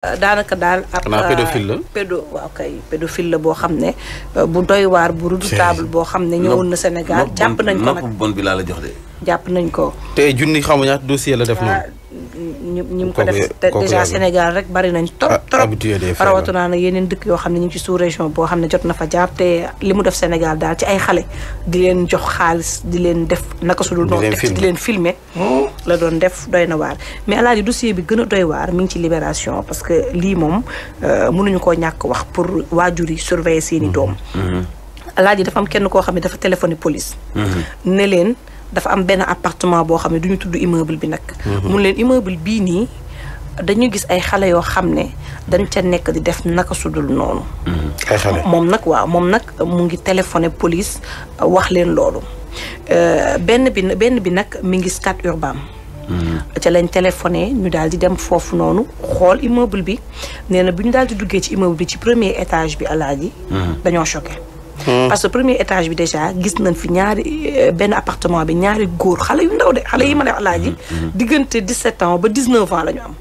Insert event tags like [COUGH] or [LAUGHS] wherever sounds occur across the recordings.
Euh, daanaka daal ab euh, pédophile la pédo waaw kay la boo xam ne euh, bu doy waar bu redoutable boo xam ne ñëwoon na Sénégal jàpp nañ ko nag bi laa la jox de jàpp nañ ko te junni xamu ñaata dossier la def noonu ñu ñu mu ko def te déjà Sénégal rek bari nañ trop trop rawatu naa na yeneen dëkk yoo xam ne ñu ngi ci sous région boo xam ne jot na fa jàpp te li mu def Sénégal daal ci ay xale di leen jox xaalis di leen def naka su dul noonu def di leen filme hmm? la doon def doy na waar mais alaaji dossier bi gën a doy waar mu ngi ci libération parce que lii moom euh, mënuñu koo ñàkk wax pour waajur yi surveiller seeni hmm. doom hmm. alaaji dafa am kenn koo xam ne dafa téléphone police ne dafa am benn appartement boo xam ne duñu tudd immeuble bi nag. Mhm. mun leen immeuble bii nii dañu gis ay xale yoo xam ne dañ ca nekk di def naka sudul noonu. Mhm. moom nag waaw moom nag mu ngi téléphoné police euh, wax leen loolu. Euh, benn bi benn bi nag mi ngi Scat Urbam. Mhm. ca lañ téléphoné ñu daal di dem foofu noonu xool immeuble bi nee na bu ñu daal di duggee ci immeuble bi ci premier étage bi alaaji. dañoo choqué. Hmm. parce que premier étage bi déjà gis nañ fi ñaari euh, benn appartement bi ñaari góor xale yu ndaw de xale yi ma ne alaaji hmm. hmm. diggante 17 ans ba 19 ans la ñu am.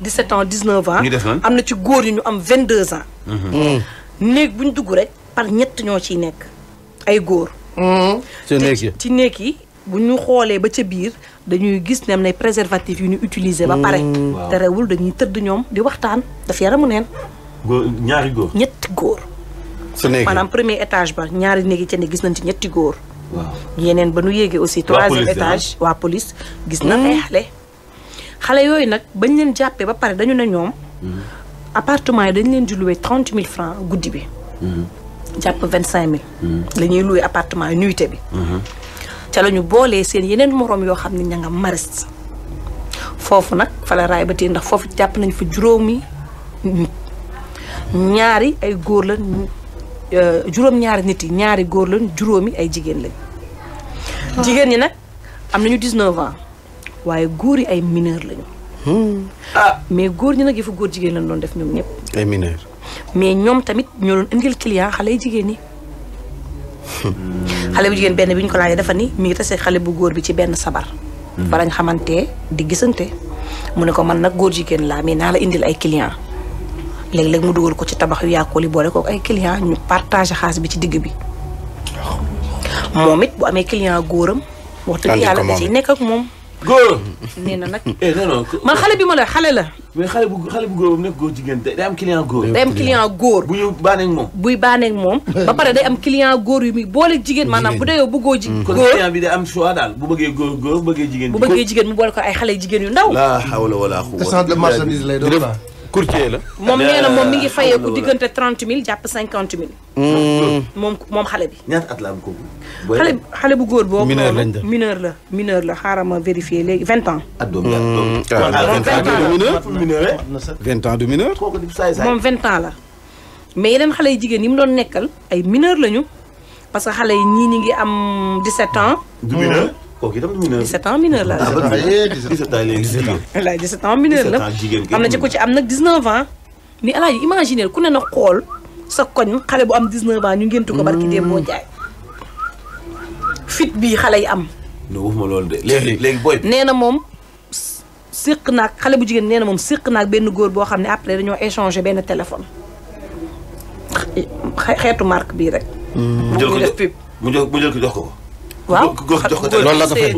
17 ans 19 ans. ñu def am na ci góor yu ñu am 22 ans. néeg bu ñu dugg rek par ñett ñoo ci nekk ay góor. ci néeg yi ci néeg yi bu ñu xoolee ba ca biir dañuy gis ne am nay préservatifs yu ñu utiliser ba pare. te rewul dañuy tëdd ñoom di waxtaan daf yaramu neen. góor ñaari góor góor. su néeg maanaam premier étage ba ñaari néeg yi ca ne gis nañ ci ñetti góor. waaw yeneen ba nu yéegee aussi. troisième étage waa police gis na ay xale. xale yooyu nag bañ leen jàppee ba pare dañu ne ñoom. Mm-hmm. appartement yi dañ leen di loué trente mille francs guddi bi. Mm-hmm. jàpp vingt cinq mille. la ñuy apartement appartement yi nuité bi. Mm-hmm. ca la ñu boolee seen yeneen moroom yoo xam ne ña nga maris. foofu nag fala raay ba ndax foofu jàpp nañ fa juróomi ñaari ay góor la Euh, juróom-ñaari nit ñaari góor lañ juróomi ay jigéen lañ. jigéen ñi nag am nañu 19 ans waaye góor yi ay mineur lañu. Hmm. ah mais góor ñi nag yëfu góor jigéen lañ doon def ñoom ñëpp. ay mais ñoom tamit ñoo doon indil client xale yi jigéen ñi. Hmm. xale bu jigéen benn bi ñu ko laajee dafa ni mi ngi tase xale bu góor bi ci benn sabar. Hmm. fa xamante di gisante. mu ne ko man nag góor jigéen laa mais naa la indil ay client léeg-léeg mu dugal ko ci tabax yu yàqu li boole ko ay client ñu partagé xaas bi ci digg bi. moom it bu amee client góoram. wax dëgg yàlla da ciy nekk ak moom. góor nee na nag. [LAUGHS] Eh, man xale bi ma la xale la. mais bu xale bu góor nekk góor jigéen day am client góor. day am bu ñu baaneeg moom. buy baaneeg moom. [LAUGHS] ba pare day am client góor yu muy boole jigéen maanaam bu dee bu góor ji. Mm. góor kon client bi day am bu bëggee góor góor bu bëggee jigéen. bu bëggee jigéen mu ko ay xale jigéen yu ndaw. laa wala quwwata. te marchandise lay doon courtier la. moom nee na moom mi ngi eh, fayeeku diggante trente mille jàpp cinquante mille. Hmm. moom xale bi. ñaata at la am kooku. xale xale bu góor boobu. mineur lañ la mineur la mineur la xaaral ma vérifier léegi vingt ans. at doom vingt ans du mineur. moom vingt ans la. mais yeneen xale yi jigéen yi mu doon nekkal ay mineur lañu parce que xale yi nii ñi ngi am dix-sept ans. du kooku itam mineur 17 ans mineur la. 17 ah, ans léegi 17 ans. walaay 17 ans mineur la am na ci ku ci am nag 19 ans. ni alaaji imaginer ku ne na xool sa koñ xale bu am 19 ans ñu ngéntu ko barki dee boo jaay. fit bi xale yi am. non waxuma loolu de léegi léegi booy. nee na moom séq naag xale bu jigéen nee na moom séq naag benn góor boo xam ne après dañoo échanger benn téléphone. xeetu marque bii rek. Hmm. mu jël ko jox mu jël ko jox ko. waaw góor jox ko loolu la ko fay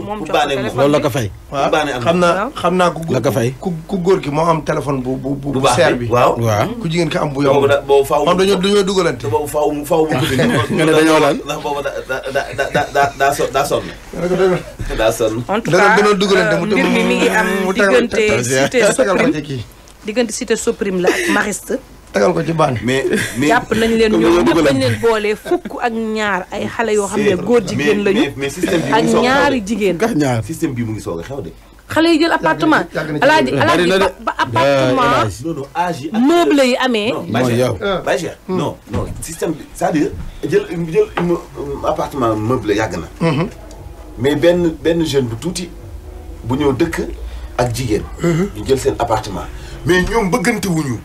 loolu la ko fay. waaw xam naa xam naa ku. la ko fay ku góor gi moo am téléphone bu bu bu. seer bi waaw hmm. ku jigéen ki am bu yomb. boobu faaw mu dañoo dañoo dugalante. boobu faaw mu faaw mu [LAUGHS] nga ne dañoo lan. ndax boobu da da da da daa sonn daa [LAUGHS] sonn. daa sonn. en tout cas euh, mbir mi mi ngi am diggante cité Soprim diggante cité Soprim la ak Mariste. tagal ko ci baan mais [LAUGHS] mais jàpp nañ leen ñoom ñëpp nañ leen boole fukk ak ñaar ay xale yoo xam ne góor jigéen lañu. mais système bi ak ñaari jigéen. ñaar système bi mu ngi soog a xew de. xale yi jël appartement alaaji alaaji ba appartement meuble yi amee. yàgg na. mais benn benn jeune bu tuuti bu ñëw dëkk ak jigéen. Mm-hmm. ñu jël seen appartement mais ñoom bëggante wuñu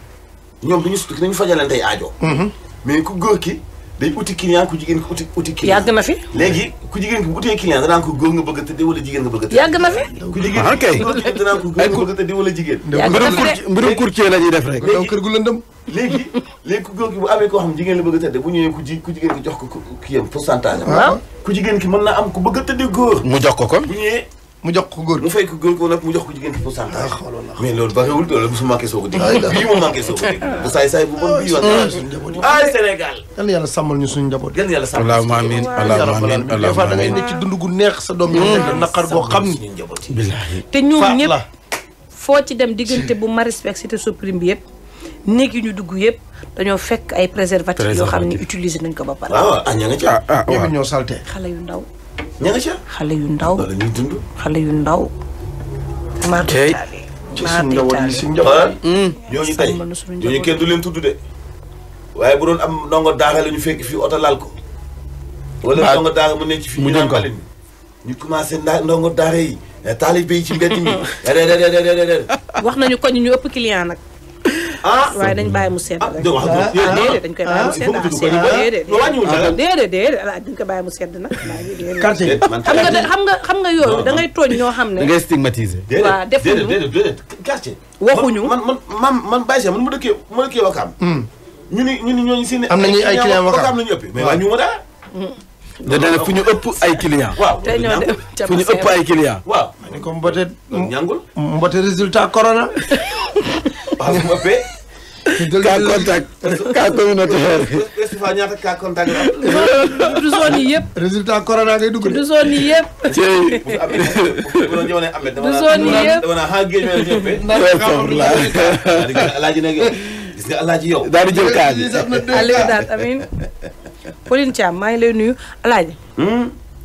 ñoom duñu duñu fajalante aajo. Mm-hmm. mais ku góor ki day uti client ku jigéen ki uti uti fi léegi ku jigéen ki bu utee client danaa ko ah, ko kër gu lëndëm. léegi ku góor ki bu amee koo xam jigéen la bëgg a bu ñëwee ku jigéen ki jox ko kiyam pourcentage am. waaw ah. ku jigéen ki mën naa am ku bëgg a tëddee góor. mu jox ko ko mu jox ko góor mu fay ko góor ko nag mu jox ko jigéen pourcentage ah, oh mais loolu bariwul loolu bu su manqué soo ko dégg bii mu manqué soo ko dégg bu ah. saay saay bu bon bii yoon ay ah, yàlla sàmmal ñu suñu njaboot yal na yàlla sàmmal allahumma amin allahumma amin des fois da ngay nekk ci dund gu neex sa doom ñëw mm. naqar boo te ñoom foo ci dem diggante bu Marispec Cité Soprim bi yëpp néeg yi ñu dugg yëpp dañoo fekk ay préservatifs yoo xam ne utiliser nañ ko ba pare ah ah ñoo salté xale yu ndaw ña nga ca xale yu ndaw loolu ñuy dund xale yu ndaw. maa tey ci suñu ndawal yi ah, hmm. suñu ndawal yi. ñooñu tey ñooñu kenn du leen tudd de. waaye bu doon am ndongo daara la ñu fekk fii oto laal ko. wala ndongo daara mu nekk fii ñu naan balen ñu commencé ndaa ndongo daara yi taalibe yi ci mbedd mi. [LAUGHS] wax nañu ko ñu ñu ëpp client nag. ah waaye dañ bàyyi mu seet ah, rek ah, ah, déedéet dañ koy bàyyi mu seet mu sedd nag quartier xam nga xam nga xam nga yooyu da ngay tooñ ñoo xam ne da ngay stigmatiser waaw ñu quartier waxuñu man man man man Baye Cheikh man mu dëkkee hmm. ñu ni ñu ni ñooñu si ne am nañu ay client wakaam la ñu waa ñu ma dara hmm. da dana fu ñu ëpp ay client waaw te ñoo dem fu ñu ëpp ay ko mbote ñàngul corona [LAUGHS] ma paie. cas contact cas communautaire. Moustapha ñaata cas contact la. du zone yi yëpp. résultat corona ngay dugg de. du zone yi du zone yi yëpp. dama naa géej ma ne ñëw gis nga alaaji yow. daal di jël cas bi Aliou daal amiin Pauline Thiam maa ngi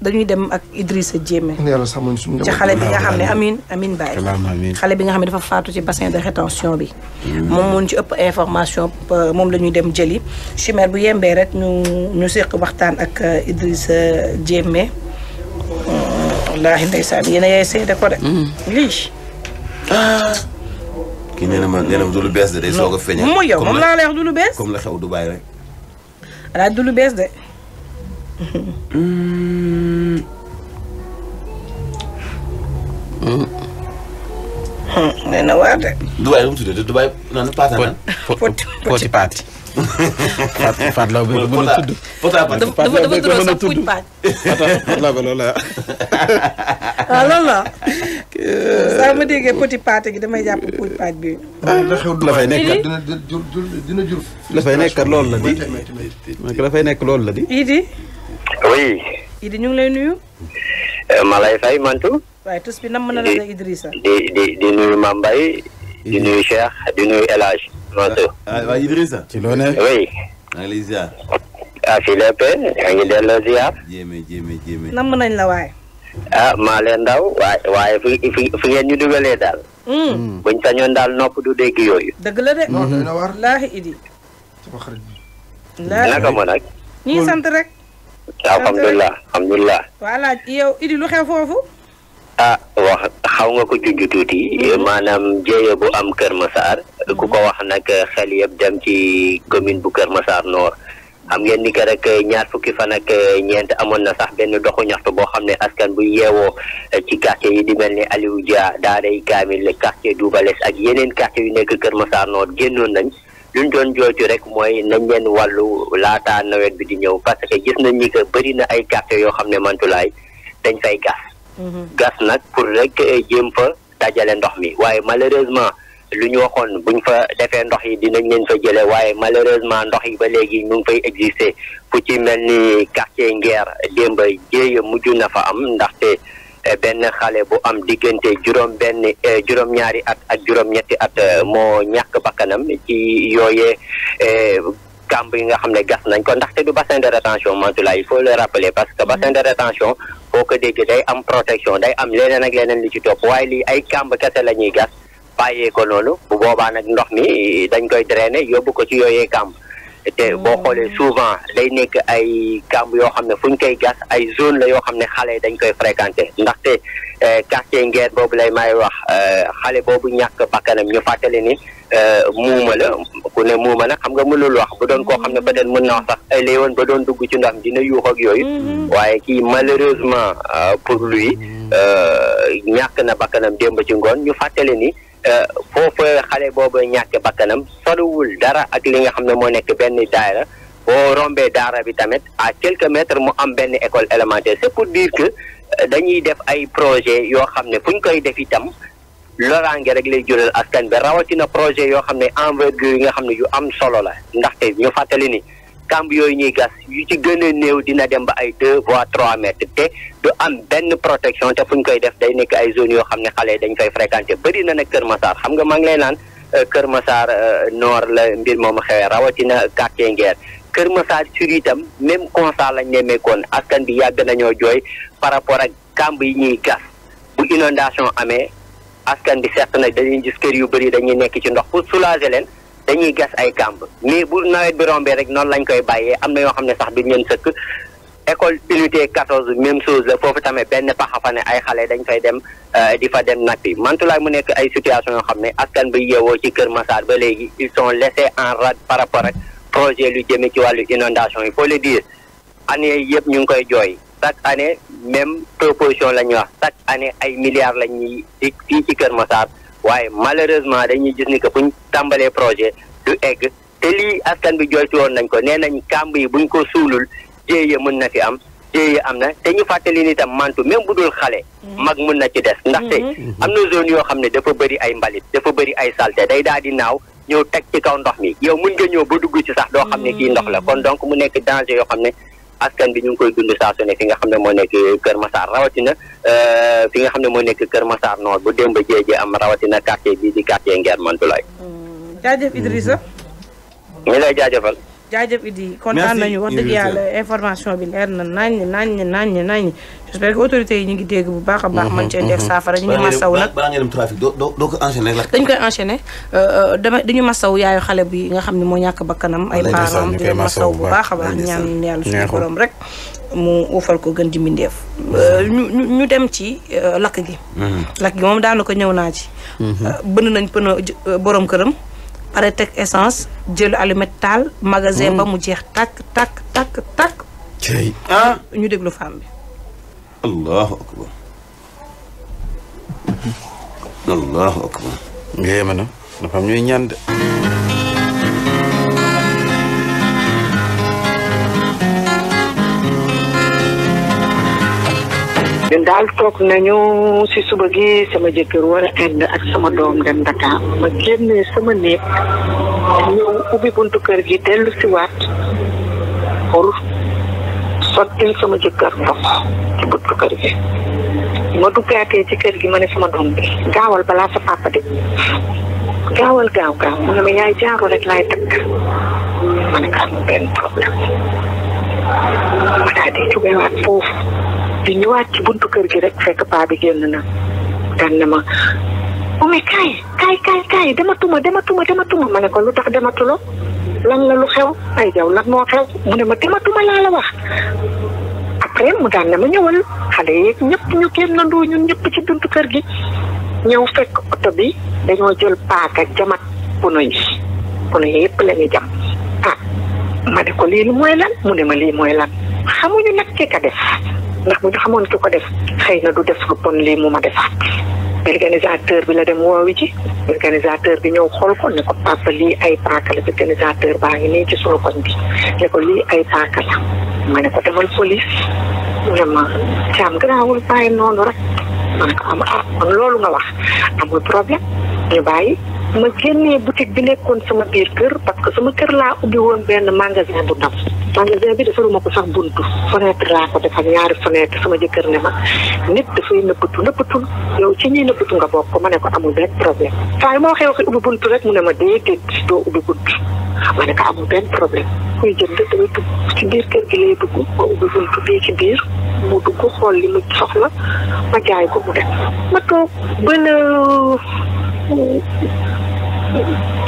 dañuy dem ak Idrissa Diémé ci xale bi nga xam ne amin amin Baye xale bi nga xam ne dafa faatu ci bassin de rétention bi moom moon ci ëpp information moom la ñuy dem jëli chimère bu yembee rek ñu ñu séq waxtaan ak euh, Idrissa Diémé wallaahi ndeysaan yéen a yaay seede mm. ah. ma nee na du lu bees de day soog yow moom laa lay du lu bees comme la xew du lu bees de nee na waar de. Dubaay lu mu tuddee Dubaay naan paata naan. poti poti a tudd. Pota Pota dafa dafa dugal sax puuj [LAUGHS] ah, loolu la. saa ma déggee poti paat gi damay jàpp puuj paat bi. Ah, la fay nekk dina dina jur dina fay nekk loolu la di. dafay nekk loolu la di. oui. Idi ñu ngi lay nuyu. Euh, ma lay fay Mantu. waaye tus bi nam na la Idrissa. di di di nuyu di di nuyu El Hadj. Mantu ah, ah, waaw Idrissa. ci loo ne. oui. maa ngi lay ziar. ah fii lépp maa ngi delloo ziar. jéeme jéeme nañ la waaye. ah maa leen ndaw waaye waaye fi fi fi ngeen ñu dugalee daal. Hmm. Hmm. buñ sañoon daal nopp du dégg yooyu. dëgg la de. non hmm. dina war laahi Idi. naka ma nag. sant rek. alhamdulilah alhamdulilah. voilà yow Idi lu xew foofu. ah wax xaw nga ko junj tuuti mhm. maanaam jéeya bu am Kër Massar ku ko mhm. wax nag xel yëpp dem ci commune bu Kër Massar Nord. am ngeen ni que rek ñaar fukki fan ak eh, ñeent amoon na sax benn doxu ñaxtu boo xam ne askan bu yeewoo eh, ci quartier yi di mel ni Aliou Dia Daaray Kaamil quartier Doubalès ak yeneen quartier yu nekk Kër Massar Nord génnoon nañ. luñ doon jooju rek mooy na leen wàllu laataa nawet bi di ñëw parce que gis nañ ni que bëri na ay quartiers yoo xam ne Mantoulaye dañ fay gas. Mhm. gas nag pour rek eh, jéem fa dajale ndox mi waaye malheureusement lu ñu waxoon buñ fa defee ndox yi dinañ leen fa jëlee waaye malheureusement ndox yi ba léegi ñu ngi fay exister fu ci mel ni quartier Nguer démb jéeya mujj na fa am ndaxte. Eh, benn xale bu am diggante juróom benn eh, juróom-ñaari at ak juróom-ñetti at eh, moo ñàkk bakkanam ci yooyee kàmb yi nga xam ne gas nañ ko ndaxte du bassin de rétention Mantoula il faut le rappeler parce que bassin de rétention boo ko déggee day am protection day am leneen ak leneen li ci topp waaye lii ay kàmb kese la ñuy gas bàyyee ko noonu bu boobaa nag ndox mi dañ koy drainer yóbbu ko ci yooyee kàmb te oh. boo xoolee souvent day nekk ay kàmb yoo xam ne fu ñu koy gas ay zone la yoo xam ne xale dañ koy fréquenter ndaxte eh, quartier Nguer boobu lay may wax eh, xale boobu ñàkk bakkanam ñu fàttali ni eh, muuma la ku ne muuma nag xam nga mënul wax bu doon koo xam ne peut-être mën na wax sax ay léewoon ba doon dugg ci ndox mi dina yuux ak yooyu mm-hmm. waaye kii malheureusement pour lui mm-hmm. ñàkk na bakkanam démb ci ngoon ñu fàttale ni Euh, foofa xale boobu ñàkk bakkanam soriwul dara ak li nga xam ne moo nekk benn daayra boo rombee daara bi tamit à quelques mètres mu am benn école élémentaire c'est pour dire que euh, dañuy def ay projet yoo xam ne fu ñu koy def itam loraange rek lay jural askan bi rawatina projet yoo xam ne envergure yi nga xam ne yu am solo la ndaxte ñu fàttali ni kamb yooyu ñuy gas yu ci gën néew dina dem ba ay deux voire trois mètres te du am benn protection te fu ñu koy def day nekk ay zones yoo xam ne xale dañ fay fréquenté bari na nag Kër Massar xam nga maa ngi lay naan euh, Kër Massar euh, noor la mbir moom xewee rawatina quartier Nguer Kër Massar sur itam même constat lañ nemmeekoon askan bi yàgg nañoo jooy par rapport ak kamb yi ñuy gas bu inondation amee askan bi certes nag dañuy gis kër yu bëri dañuy nekk ci ndox pour soulager leen. dañuy gas ay kàmb mais bu nawet bi rombee rek noonu lañ koy bàyyee am na yoo xam ne sax du ñeen sëkk école unité 14 même chose la foofu tamit benn paxa fa ne ay xale dañ fay dem euh, di fa dem nappi mantulaay mu nekk ay situation yoo xam ne askan bi yeewoo ci Kër Massar ba léegi ils sont laissés en rade par rapport ak projet lu jëmee ci wàllu inondation il faut le dire année yëpp ñu ngi koy jooy chaque année même proposition la ñuy wax chaque année ay milliards la ñuy fii ci Kër Massar waaye malheureusement dañuy gis ni que buñ tàmbalee projet du egg te lii askan bi jooytu woon nañ ko nee nañ kàmb yi buñ ko suulul jéeye mën na fi am jéeye am na te ñu fàttali ni tam mantu même bu dul xale mhm. mag mën na ci des ndaxte mhm. Mhm. am na zone yoo xam ne dafa bëri ay mbalit dafa bëri ay salte day daal di naaw ñëw teg ci kaw ndox mi yow mën nga ñëw ba dugg ci sax doo xam ne kii ndox la kon donc mu nekk danger yoo xam ne askan bi ñu ngi koy dund saa su ne fi nga xam ne moo nekk Kër Massar rawatina fi euh, nga xam ne moo nekk Kër Massar Nord bu démb jéejee am rawatina quartier bii di quartier Nguer Mantoulaye. Mm, jaajëf Idrissa. ñu lay jaajëfal. jaajëf Idi kontaan nañu wax dëgg yàlla information bi leer na naññ naññ naññ naññ j'espère que autorités yi ñu ngi dégg bu baax a baax man cee def mhm. saafara ñu ngi masaw nag balaa ngeen dem trafic doo doo ko enchaîner la dañ koy enchaîner euh, euh, dama dañu masaw yaayu xale bi nga xam ne moo ñàkk bakkanam ay parents di masaw bu baax a baax ñaan yàlla suñu borom rek mu uufal ko gën di mbindeef euh, ñu ñu dem ci lakk gi mhm. lakk gi moom daana ko ñëw naa ci mhm. bënn nañ pën borom këram arrêté ak essence jël allumette magasin ba mu jeex takk takk takk takk. cey ah déglu femme bi. allahu akbar. allahu akbar. ngéema na dafa ñuy ñaan de. ñun daal toog nañu ci suba gi sama jëkkër war a ànd ak sama doom dem Dakar ma génnee sama néeg ñëw ubbi buntu kër gi dellu si waat sottil sama jëkkër ndox ci buntu kër gi ma duggaatee ci kër gi ma sama doom bi gaawal balaa sa papa de gaawal gaaw gaaw mu ne yaay jaaru rek laay takk ma ne ko benn problème ma daal di jógewaat foofu di ñëwaat ci buntu kër gi rek fekk paa bi génn na daan na ma umi kaay kaay kaay kaay dematuma dematuma dematuma ma ne ko lu tax dematuloo lan la lu xew ay jaw lan moo xew mu ne ma dematuma laa la wax après mu daan na ma ñëwal xale yeeg ñëpp ñu génnandoo ñun ñëpp ci buntu kër gi ñëw fekk oto bi dañoo jël paaka jamat pono yi pono yi yëpp la jam ah ma ne ko lii mooy lan mu ne ma lii mooy lan xamuñu nag ki def ndax bu ñu xamoon ki ko def xëy na du def lu bon lii mu ma defaat organisateur bi la dem woowi ci organisateur bi ñëw xool ko ne ko papa lii ay paaka la organisateur baa ngi nii ci soo koñ bi ne ko lii ay paaka la ma ne ko demal mu ne ma caam garaawul bàyyi noonu rek ma ne am ah, loolu nga wax amul problème ñu bàyyi ma génnee boutique bi nekkoon sama biir kër parce que sama kër laa ubbi woon benn magasin bu ndaw magasin bi defaluma ko sax buntu fenêtre laa ko defal ñaari fenêtre ma nit dafay nëbbatu nëbbatul yow ci ñuy nëbbatu nga bokk ma ne ko amul benn problème saa moo xew waxi ubbi buntu rek mu ne ma déedéet doo ubbi buntu ma ne ko amul benn problème kuy jënd damay dugg ci biir kër gi lay dugg ma ubbi buntu bii ci biir mu dugg xool li mu jaay ko mu dem ma toog benn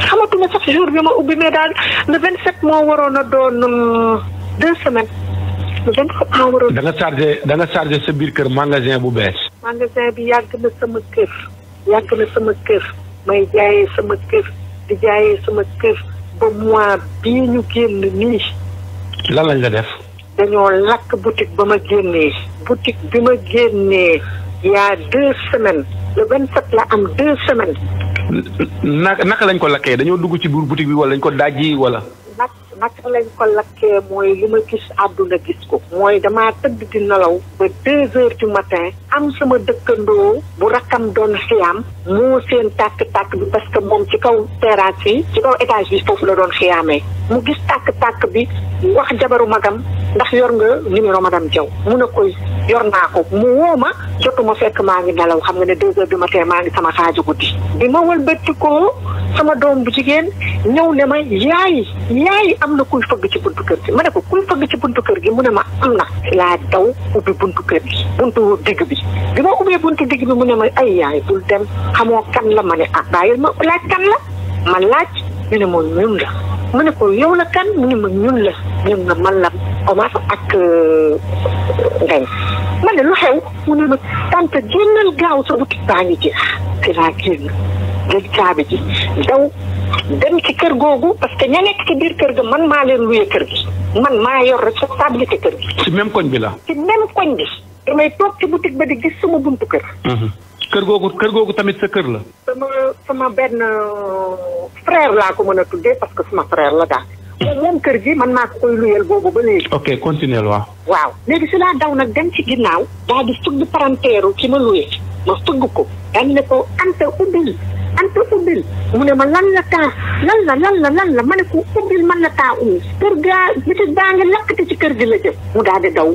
xamatuma sax jour bi ma ubbi mais daal le 27 moo waroon a doon euh, deux semaines. le 27 moo waroon da nga chargé da sa biir kër magasin bu bees. magasin bi yàgg na sama kër yàgg na sama kër may jaayee sama kër di jaayee sama kër ba mois bii ñu génn nii. lan lañ la def. dañoo lakk boutique ba ma génnee. boutique bi ma génnee. y a deux semaines le vingt sept la am deux semaines. naka naka lañ ko lakkee dañoo dugg ci biir boutique bi wala dañ ko dajji wala. nak naka lañ ko lakkee mooy li ma gis àdduna gis ko. mooy damaa tëdd di nelaw ba deux heures du matin am sama dëkkandoo bu rakkam doon xiyaam moo seen tàkk-tàkk bi parce que moom ci kaw terrasse yi ci kaw étage bi foofu la doon xiyaamee mu gis tàkk-tàkk bi wax jabaru magam ndax yor nga numéro madame Diaw mu ne koy yor naa ko mu woo ma jotuma fekk maa ngi nelaw xam nga ne deux heures du matin maa ngi sama xaaju guddi. bi ma wëlbati koo sama doom bu jigéen ñëw ne ma yaay yaay am na kuy fëgg ci buntu kër gi ma ne ko kuy fëgg ci buntu kër gi mu ne ma am na. laa daw ubbi buntu kër gi. buntu digg bi bi ma ubbee buntu digg bi mu ne ma ay yaay bul dem xamoo kan la ma ne ah ma laaj kan la ma laaj ñu ne ma ñun la. mu ne ko yow la kan mu ne ma ñun la ñun la man la Omar ak euh, Ndeye. ma ne lu xew mu ne ma tante gaaw sa boutique baa ngi jeex ci a génn jël caabi ji daw dem ci kër googu parce que ña nekk ci biir kër ga man maa leen luye kër gi man maa yor responsabilité kër gi. ci même koñ bi la. ci même koñ bi. damay toog ci boutique ba di gis sama buntu kër. Mhm. kër googu kër googu tamit sa kër la. sama sama benn euh, frère laa ko mën a tuddee parce que sama frère la daal. moom kër gi man maa ko koy luyal boobu ba léegi. ok continuer waa waaw léegi si laa daw nag dem ci ginnaaw. daal di fëgg paranteeru ci ma luye ma fëgg ko. daal ne ko Anta ubbil Anta ubbil mu ne ma lan la taa lan la lan la lan la ma ne ko ubbil man la taa ubbi. kër gaa bitig baa ngi lakkati ci kër gi la jëm. mu daal di daw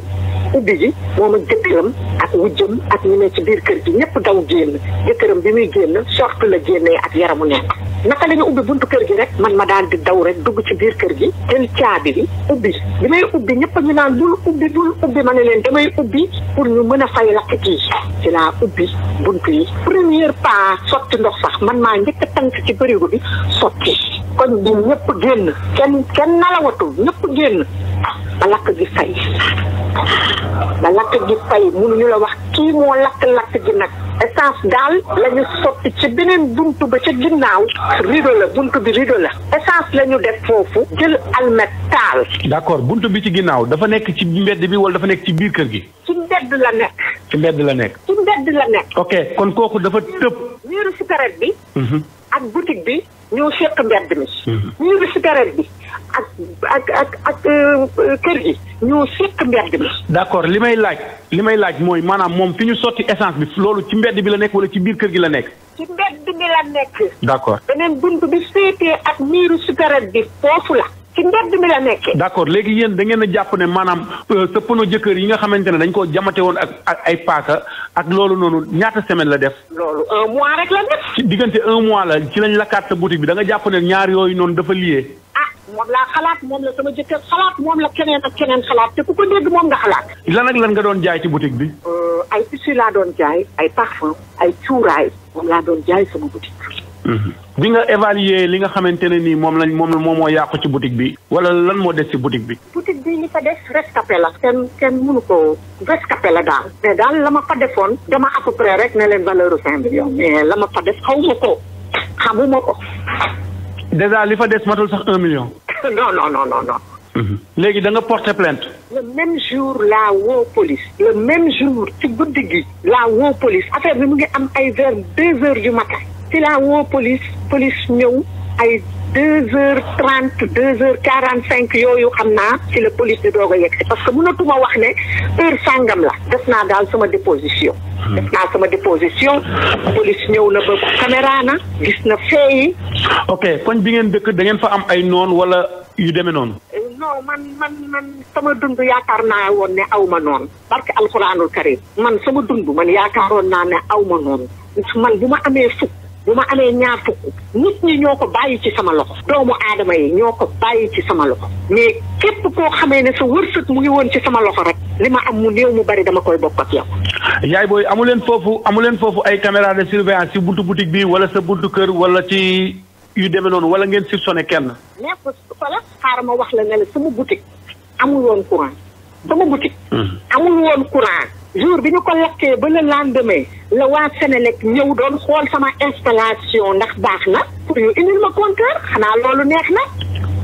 ubbi gi moom a jëkkëram ak wujjam ak ñu ne ci biir kër gi ñëpp daw génn jëkkëram bi muy génn short la génnee ak yaramu nekk naka la ñu ubbi buntu kër gi rek man ma daal di daw rek dugg ci biir kër gi jël caabi bi ubbi bi ubbi ñëpp a ñu naan bul ubbi lul ubbi ma ne leen damay ubbi pour ñu mën a fay lakk kii ci laa ubbi buntu yi première pas sotti ndox sax man maa njëkk a tànk ci bërigo bi sotti kon bi ñëpp génn kenn kenn nalawatul ñëpp génn ba lakk gi fay ba lakk gi fay mënuñu la wax kii moo lakk lakk gi nag essence daal la sotti ci beneen bunt ba ca ginnaaw rido la buntu bi rido la essence la ñu def foofu jël almet taal d'accord buntu bi ci ginnaaw dafa nekk ci mbedd bi wala dafa nekk ci biir kër gi ci mbedd la nekk ci mbedd la nekk ci mbedd la nekk ok kon kooku dafa tëb miiru cigarette bi mhm. ak boutique bi ñoo seq mbedd mi mhm. miiru cigarette bi ak ak ak ak euh, kër gi ñoo seq mbedd bi. d'accord li may laaj li may laaj mooy maanaam moom fi ñu sotti essence bi loolu ci mbedd bi la nekk wala ci biir kër gi la nekk. ci mbedd bi la nekk. d'accord beneen bunt bi féetee ak miiru supérette bi foofu léegi yéen da ngeen a jàpp ne maanaam euh, sa pono jëkkër yi nga xamante ne dañ koo jamate woon ak ay paaka ak loolu noonu ñaata semaine la def. loolu un mois rek la def. ci diggante un mois la ci lañ lakkaat sa boutique bi da nga jàpp ne ñaar yooyu noonu dafa lié. moom laa xalaat moom la sama jëkkër xalaat moom la keneen ak keneen xalaat te ku ko dégg moom nga xalaat. lan ak lan nga doon jaay ci boutique bi. Euh, ay tissus laa doon jaay ay parfum ay cuuraay moom laa doon jaay sama boutique. Mhm. bi nga évaluer li nga xamante ne nii moom lañ moom moom moo yàqu ci boutique bi. wala lan moo des ci boutique bi. boutique bi li fa des rescapé la. kenn kenn mënu ko rescapé la daal. mais daal la ma fa defoon. dama à peu près rek ne leen valeur cinq millions. mais ma fa xaw ma ko xamuma ko. déjà li fa des matul sax un million. non non non non non. Mhm. léegi da nga porter plainte. le même jour la woo police. le même jour ci guddi gi. la woo police affaire bi mu ngi am ay vers deux heures du matin. ci la woo police police ñëw ay. deux heures trente deux heures quarante cinq yooyu xam naa ci la police bi doog a yegg si parce que mënatuma wax ne heure sàngam la def naa daal sama déposition. Hmm. def naa sama déposition. police ñëw na ba caméra na gis na fee yi. ok koñ bi ngeen dëkk da ngeen fa am ay noon wala yu demee noonu. Euh, non man man man sama dund yaakaar naa woon ne noon ma noonu barke alxuraanul karim man sama dund man yaakaaroon naa ne aw ma noonu man bu ma amee fukk. bu ma amee ñaar fukk nit ñi ñoo ko bàyyi ci sama loxo doomu aadama yi ñoo ko bàyyi ci sama loxo mais képp koo xamee ne sa wërsëg mu ngi woon ci sama loxo rek li ma am mu néew mu bari dama koy bokk ak yow. yaay booy amu leen foofu amu leen foofu ay caméra de surveillance ci buntu boutique bi wala sa buntu kër wala ci yu demee noonu wala ngeen soupçonné kenn. nekk fala xaaral ma wax la ne la sama boutique amul woon courant sama boutique. Hmm. amul woon courant. jour bi ñu ko lakkee ba le lendemain la waa Sénélec ñëw doon xool sama installation ndax baax na pour ñu indil ma compteur xanaa loolu neex na.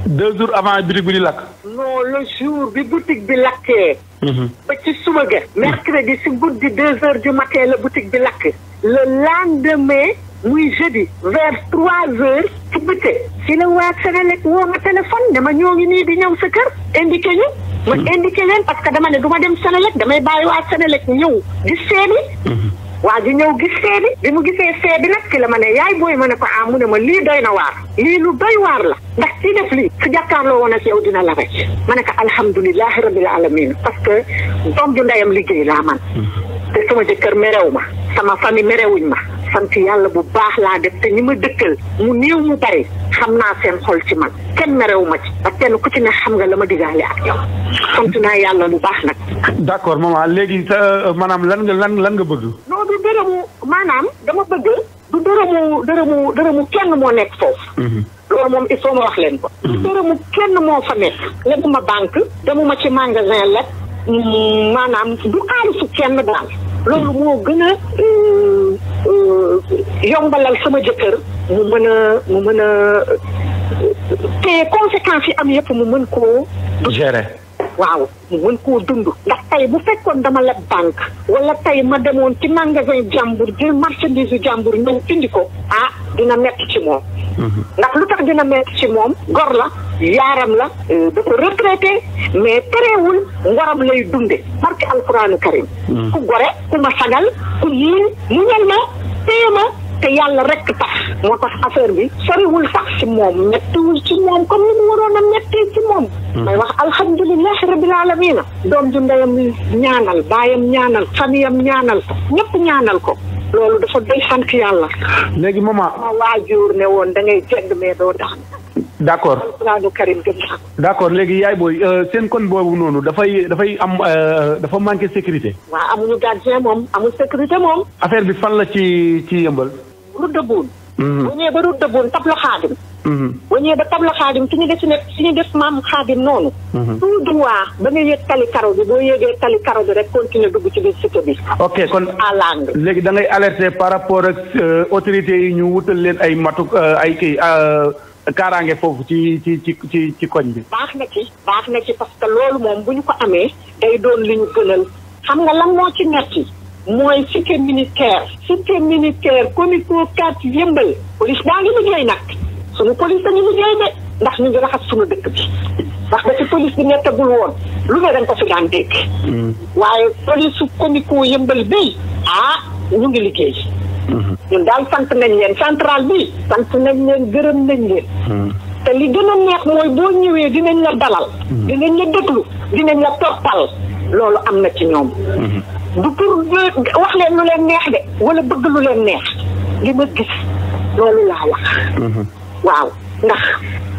deux jours avant boutique bi di lakk. non le jour bi boutique bi lakkee. Mhm. ba ci suba ga. mercredi si guddi deux heures du matin la boutique bi lakk. le lendemain. muy jeudi vers trois heures ci bëccëg. si la waa Sénélec woo ma téléphone dama ñoo ngi nii di ñëw sa kër. indiqué ñu. ma indiqué leen parce que dama ne du ma dem Sénélec damay bàyyi waa Sénélec ñëw gis seeni mhm. waa ju ñëw gis fee bi mu gisee fee bi nag ci la yaay booy ma ne ko ah ne ma lii doy na waar lii lu doy waar la ndax ci def lii su jàkkaarloo woon ak yow dina la rek ma ne ko alhamdulilahi rabil alamin parce que tom ju ndeyam liggéey laa man mhm. te sama jëkkër merew ma sama famille merewuñ ma sant yàlla bu baax laa def te ñi ma dëkkal mu néew mu bari xam naa sen xol ci man kenn merewu ma ci ba kenn ku ci ne xam nga la ma digaale ak yow sant naa yàlla bu baax nag. d'accord maman léegi euh, maanaam lan nga lan lan nga bëgg. non du dërëmu maanaam dama bëgg. du dërëmu dërëmu mu kenn moo nekk foofu. Mhm. loolu moom il faut ma wax leen ko. Mhm. du dërëmu kenn moo fa nekk. lebuma banque demuma ci magasin la maanaam du xaalisu kenn daal. loolu moo gën a euh, yombalal sama jëkkër mu mën a mu mën a te conséquences yi am yëpp mu mën koo gérer waaw mu mën koo dund ndax tey bu fekkoon dama leb banque wala tey ma demoon ci magasin jàmbur jël marchandise jàmbur ñëw indi ko ah dina metti ci moom mhm. ndax lu tax dina metti ci moom gor la yaaram la euh, dafa retraité mais terewul ngoram lay dunde barke alquranu karim mhm. ku gore ku ma sagal ku yiin mu ñel ma téye yàlla rek tax moo tax affaire bi soriwul sax ci moom méttiwul ci moom comme ni mu waroon a méttee ci moom hmm. may wax alhamdulilah rabbil alamina doom ju ndeyam ñaanal baayam ñaanal famiyam ñaanal ko ñaanal ko loolu dafa doy sant yàlla léegi maman ma waajur ne woon da ngay jedd mais doo tax d' accord d' accord léegi yaay booy euh, seen kon boobu noonu dafay dafay am euh, dafa manqué sécurité. waa amuñu gardien moom amul affaire bi fan la ci ci yëmbal. route de Boune. bu ñëwee ba route de Boune tableau xaadim. bu mm-hmm. ñëwee ba tableau xaadim su ñu def ñu def maam xaadim noonu. Mm-hmm. tout droit ba nga yëg tali karo bi boo yëgee tali karo bi rek continuer dugg ci biir cité bi. ok kon léegi da ngay par rapport ak euh, autorités yi ñu wutal leen ay matu euh, ay kii. Euh, kaaraange foofu ci ci ci ci ci koñ bi. baax na ci baax na ci parce loolu moom bu ñu ko amee day doon li ñu gënal xam nga lan moo ci metti mooy cité militaire cité militaire comico 4 yëmbal police baa ngi liggéey nag suñu police dañu liggéey de ndax ñu ngi raxas suñu dëkk bi ndax ba ci police bi nettagul woon lu ne dañ ko si daan dégg hmm. waaye police su comico yëmbal bi ah ñu ngi liggéey hmm. ñun daal sant nañ leen central bi sant nañ leen gërëm nañ leen hmm. te li gën a neex mooy boo ñëwee dinañ la dalal dinañ la déglu dinañ la toppal loolu am na ci ñoom du pour wax leen neex de wala bëgg lu leen neex li ma gis loolu laa wax. Mhm. waaw ndax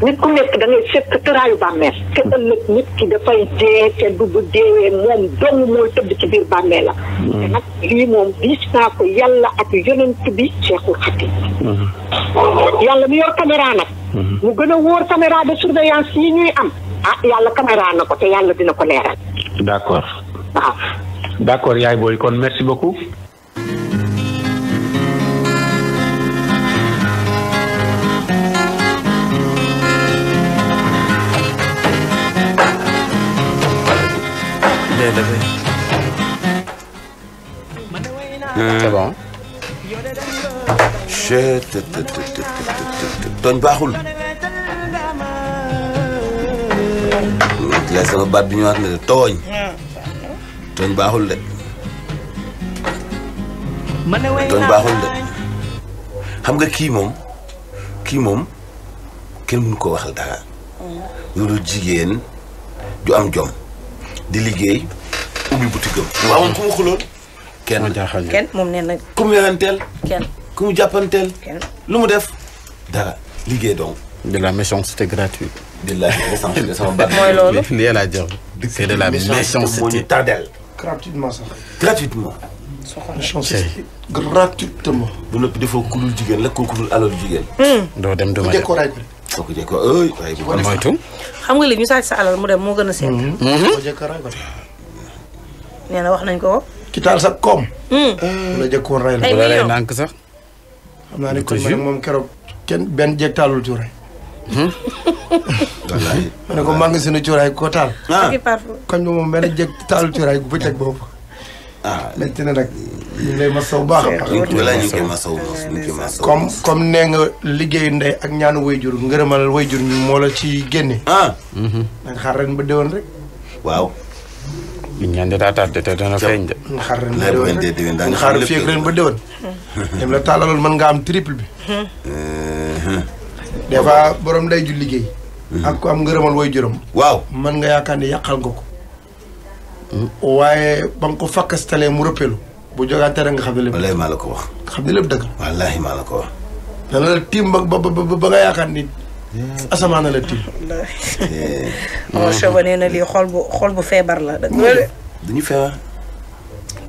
nit ku nekk da ngay seet tëraayu bàmmeel te ëllëg nit ki dafay dee te bu bu deewee moom dong mooy tëdd ci biir bàmmeel la. Mhm. te nag lii moom gis naa ko yàlla ak yonent bi Cheikhul Khatim. Mhm. yàlla mi yor nag. mu gën a wóor caméra de surveillance yi ñuy am. ah yàlla caméra na ko te yàlla dina ko leeral. d'accord waaw. d'accord yaay booy kon merci beaucoup. Euh, c'est bon. je te te te te tooñ baaxul. léegi sama baat bi ñëwaat na de tooñ. tooñ baaxul de tooñ baaxul de xam nga kii moom kii moom kenn mun ko waxal dara lu dul jigéen ju am jom di liggéey ubbi boutique am waawoon ku mu xuloon kenn moom nee na ku mu kenn ku mu jàppanteel lu mu def dara liggéey donc de la méchanceté gratuite. de la méchanceté sama bàtt. mooy loolu de la méchanceté moo ñu tardel. gratuitement sax. gratuitement. gratuitement. bu noppi defoo ku dul jigéen lekkoo ku dul alal jigéen. Hmm. doo dem doo ma dem soo ko jékkoon ooy. waaye moytu. xam nga li ñu sàcc sa alal mu dem moo gën a seet. Mm-hmm. Mm-hmm. nee wax nañ ko. ci taal sa kom hmm. eh, bu la jëkkoon rey la. ay la lay nànk sax. naa ne kon moom keroog kenn benn jéeg taalul ci wallaay ma ne ko magasin cuuraay koo taal. ah koñ bi moom a jég taalu cuuraay bu bëccëg boobu. ah métti na nag ñu ngi lay masawu baax a baax. walaay ñu ngi koy masawu ñu ngi comme comme nga liggéeyu ndey ak ñaanu wayjur ngërëmal wayjur ñu la ci génne. ah. Mhm. nañ xaar ren ba déwén rek. waaw. ñu ñaan de daa tardé te dana feeñ de. nañ xaar ren ba déwén rek nañ xaar fii ak ren [LAUGHS] nga am triple bi. Eh, eh. des fois borom day ju liggéey. Mhm. ak ku am ngërëmal way juróom. waaw mën nga yaakaar ne yàqal nga ko. Hmm. waaye ba mu ko fakkastalee mu rëppelu bu joga rek nga xam ne lépp. wallaahi maa la ko wax. xam ne lépp dëgg la. wallaahi ko la tiim ba ba ba nga yaakaar ni. asamaan na la tiim. moo oh, soba nee na lii xool bu xol bu feebar la. Hmm. duñu feebar.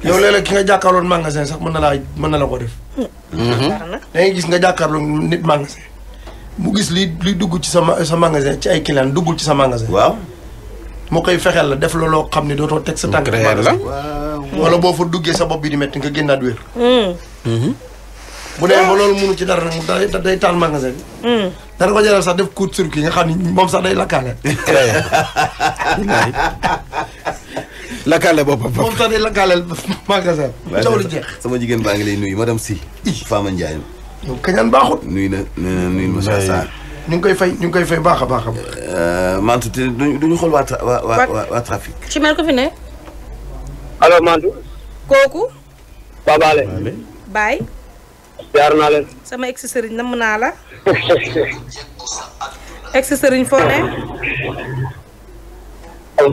yow léeg-léeg ki nga jàkkaarloon magasin sax mën na laa mën na la ko def. Hmm. da ngay gis nga jàkkaarloo nit magasin. mu gis li li dugg ci sa sa magasin ci ay client duggul ci sa magasin. waaw mu koy fexeel la def la loo xam ne dootoo teg sa tànk. magasin wala boo fa duggee sa bopp bi di métti nga génnaat wér. Hmm. Mhm. dee ba loolu mënu ci dara nag mu day day taal magasin hmm. sax def court circuit nga xam ni moom sax day lakkaale. [LAUGHS] [LAUGHS] lakkaale boppam boppam. moom sax day lakkaale magasin bi. coow sama jigéen baa ngi lay nuyu madame si Fama Ndiaye. ñoom kañaan baaxul. nuyu na nuyu na nuyu Moussa Sarr. ngi koy fay ñu ngi koy fay baax a baax baax. Euh, Mantou te duñu duñu xool waa tra waa waa trafic. ci mel ko fi ne. allo Mantou. kooku. Babaale. Baye. jaar naa leen. sama ex sëriñ namm naa la. [LAUGHS] ex sëriñ foo ne.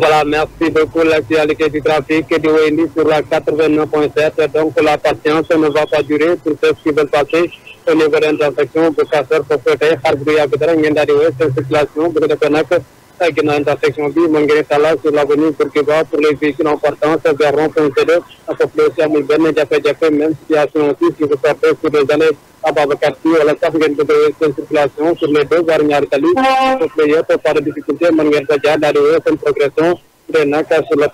Voilà, merci beaucoup. L'actualité du trafic est sur la 89.7. Donc, la patience ne va pas durer pour ceux qui au de l'intersection bu Castor foofu tey xaar bu yàgg dara ngeen daal di wéy seen circulation bi mën ngeen tàllal sur l'avenue Bourguiba pour les véhicules en partance vers rond-point C2 foofu la amul benn jafe-jafe même situation aussi si vous sortez sur les allées Ababacar Sy wala sax ngeen bëgg a wéy seen circulation sur les deux voies tali foofu la yëpp pas de difficulté mën ngeen ko jaar daal di wéy de nag sur la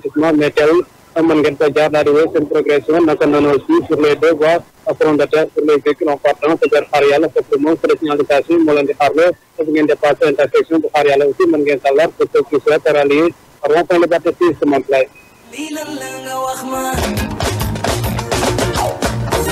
a mën ngeen ko jaar daal di wéy seen progression naka noonu aussi sur les deux voies affrontateurs pour les véhicules en partant te jar xaar yàlla foofu moom frais signalisation moo leen di xaarloo foofu ngeen dépassé intersection bu xaar yàlla aussi mën ngeen sàllar pour ceux qui souhaitent rallier rond-point Liberté 6 Mantes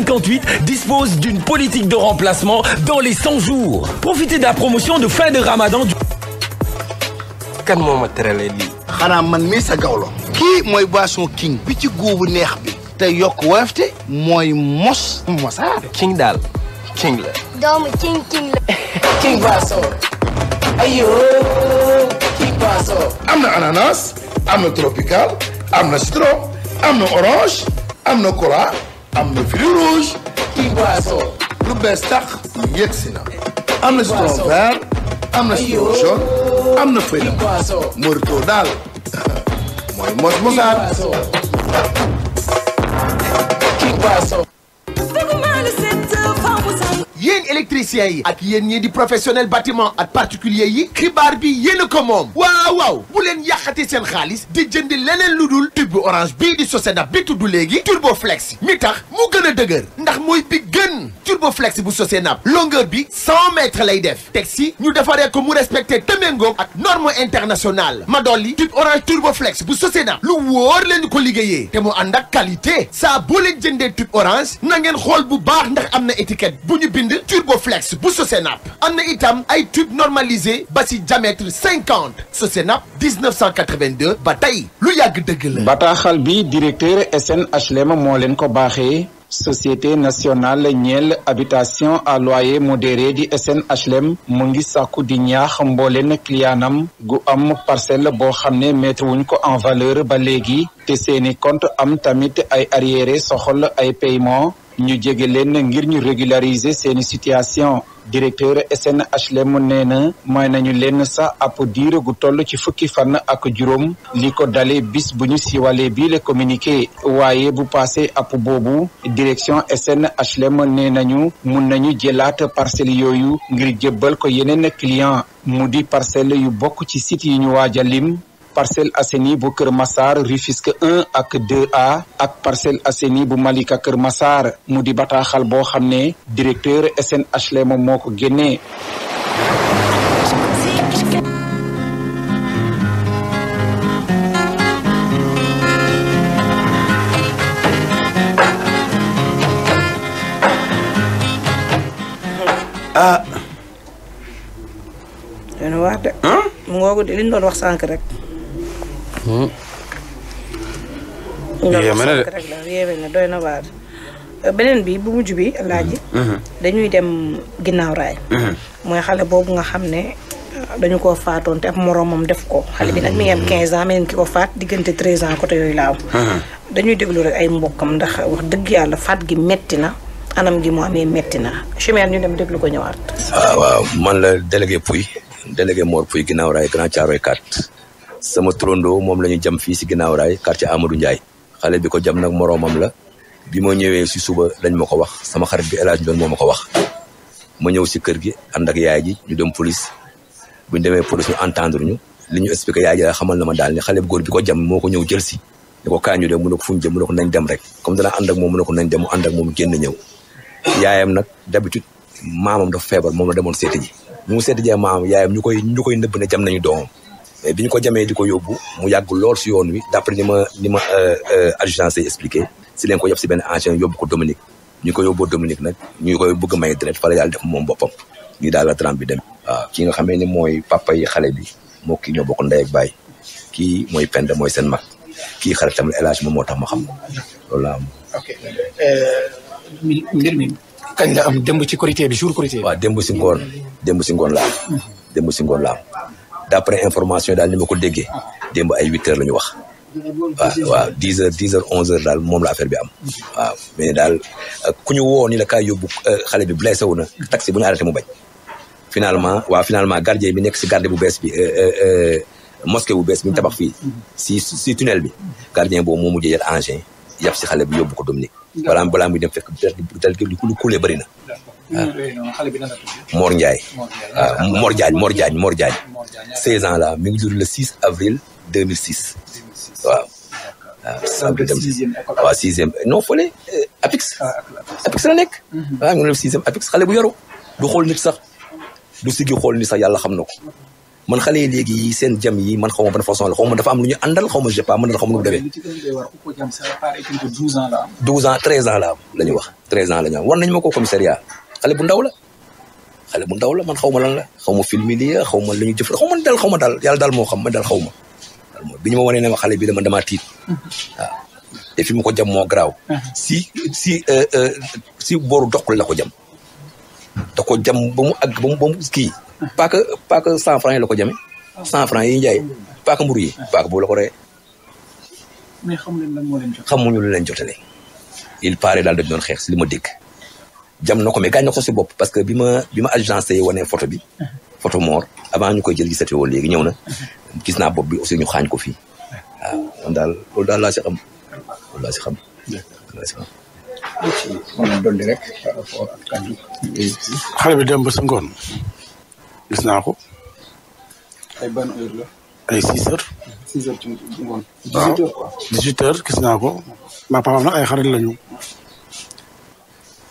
58 dispose d'une politique de remplacement dans les 100 jours. Profitez de la promotion de fin de Ramadan du kan moo ma teralee lii. xanaa man mii sa gawlo kii mooy boisson king bi ci góobu neex bi. te yokk woyofte mooy mos. mosaa king daal king la. doomu king king la. [LAUGHS] king boisson. ayoo king boisson. am na ananas am na tropical am na citron am na orange am na cola. am na fruits rouges. kii lu bees tax yegg am na citron vert. am na citron am na feuille de boisson. Morito daal [LAUGHS] mooy mos mosaat. kii boisson. électricien yi ak yéen ñii di professionnel batiment ak particulier yi xibaar bi yéen a ko moom waaw waaw bu leen yàqati seen xaalis di jënd leneen lu dul tube orange bii di Sosenap bi tudd léegi turboflex mi tax mu gën a dëgër ndax mooy bi gën turboflex bu Sosenap longueur bi 100 mètres lay def teg si ñu defaree ko mu respecté tëméngoog ak norme internationale ma dolli tube orange turboflex bu Sosenap lu wóor leen ko liggéeyee te mu ànd ak qualité saa boo leen jëndee tube orange na ngeen xool bu baax ndax am na étiquette Turbo-Flex bu Sosenap am na itam ay tube normalisé ba si diamètre cinquante Sosenap 1982 ba tey lu yàgg dëgg la. bataaxal bi directeur SNHLM moo leen ko baaxee. société nationale ñeel habitation à loyer modéré di SNHLM mu ngi sàkku di ñaax mbooleen clientam gu am parcelle boo xam ne mettre wuñ ko en valeur ba léegi te seeni compte am tamit ay arriéré soxol ay paiement ñu jege leen ngir ñu régulariser seeni situation directeur SNHLM nee na may nañu lenn sax ab diir gu toll ci fukki fan ak juróom li ko dale bis bu ñu siwalee bi le communiqué waaye bu passé ab boobu direction SNHLM nee nañu mun nañu jëlaat parcelle yooyu ngir jébbal ko yeneen client mu di parcelle yu bokk ci sit yi ñu waaja lim Parcelles Assainies bu Kër Massar Rufisque 1 ak 2A ak Parcelles Assainies bu Malika Kër Massar mu di bataaxal boo xam ne directeur SNHLM moom moo ko génnee. Ah. wax wax sànq rek. Mm. yéeme na de rek la na doy euh, beneen bi bu mujj bi laaji mm-hmm. dañuy dem ginnaaw raay mm-hmm. mooy xale boobu nga xam ne euh, dañu ko faatoon te ab moroomam def ko xale bi nag mi ngi am 15 mm-hmm. ans meneen ki ko faat diggante 13 ans côté yooyu laaw dañuy déglu rek ay mbokkam ndax wax dëgg yàlla faat gi metti na anam gi mu amee metti na chimère ñu dem déglu ko ñëwaat ah, waaw man la délégué Pouy délégué Mor Pouy ginnaaw raay Grand Thiaroye 4 sama turandoo moom la ñu jam fii si ginnaaw raay quartier Amadou Ndiaye xale bi ko jam nag moroomam la bi ma ñëwee si suba lañ ma ko wax sama xarit bi El Hadj Ndione moo ma ko wax ma ñëw si kër gi ànd ak yaay ji ñu dem police bu ñu demee police ñu entendre ñu li ñu expliqué yaay ji xamal na ma daal ne xale bu góor bi ko jam moo ko ñëw jël si ne ko kaa ñu dem mu ne fu ñu jëm mu ne ko nañ dem rek comme danaa ànd ak moom mu ne ko nañ dem mu ànd ak moom génn ñëw yaayam nag d'habitude maamam dafa feebar moom la demoon seeti ji seeti ji maamam yaayam ñu koy ñu koy nëbb ne nañu doomam mais bi ñu ko jamee di ko yóbbu mu yàgg lool si yoon wi d'après ni ma ni ma euh, euh, adjudant say expliqué si leen ko yóbbu si benn engin yóbbu ko Dominique ñu ko yóbboo Dominique nag ñu koy bëgg may direct fa la yàlla def moom boppam ñu daal la trente bi dem waaw ki nga xamee ni mooy papa yi xale bi moo kii ñoo bokk ndey ak baay kii mooy Penda mooy seen mag kii xaritam El Hadj moom moo tax ma xam ko loolu euh, mi kañ la am démb ci korité bi jour korité bi. waaw démb si ngoon démb si ngoon laa am mm-hmm. si ngoon laa d'après information daal ni ma ko déggee démb ay huit heures la ñu wax waaw waaw dix heures dix heures onze heures daal moom la affaire bi am waaw mais daal ku ñu woo ni la kaay yóbbu xale bi blessé wu na taxi bu ñu arrêté mu bañ finalement waa finalement gardien bi nekk si garde bu bees bi mosquée bu bees bi ñu tabax fii si si tunnel bi gardien boobu moo mujjee jël engin yàpp si xale bi yóbbu ko Dominique balaa balaa muy dem fekk tel lu kuulee bëri na xale bi nan la tudd. Mor Ndiaye. Mor Ndiaye Mor Ndiaye Mor Ndiaye. 16 ans la mi ngi jur le 6 avril 2006. 2006 waaw. waaw ah, waaw sixième non fële euh, ah, Apix. Apix la nekk. waaw mhm. ah, ñu ne sixième Apix xale bu yaru du xool nit sax du siggi xool nit sax yàlla xam na ko man xale yi léegi seen jam yi man xaw ma ban façon la xaw ma dafa am lu ñu àndal xaw ma je sais pas man daal xaw ma nu mu demee. douze ans la treize ans la am wax treize ans la ñu am war nañu ma ko commissariat. xale bu ndaw la bu ndaw la man xaw ma lan la xaw ma film yi xaw ma lu ñu jëf xaw ma daal xaw ma daal yàlla daal moo xam man daal xaw ma daal moo bi ñu ma wanee ne ma xale bi la man mhm. ko jam moo garaaw mhm. si si euh, euh, si booru la ko jam da jam ba mu àgg ba mu ba mu paaka paaka cent franc yi la ko jamee cent franc yi njaay paaka mburu yi paaka boobu la ko reyee mais xamuñu lu leen il paraît daal dañ doon xeex si li a dégg jam na ko mais gaañ na si bopp parce que bi ma bi ma agencé wane photo bi photo mort avant ñu koy jël gisate woon léegi ñëw na gis naa bopp bi aussi ñu xaañ ko fii waaw man daal loolu daal laa si xam xale bi dem ba sa ngoon gis naa ko ay ban heure la ay six heures six gis naa ko maa papaam nag ay xarit lañu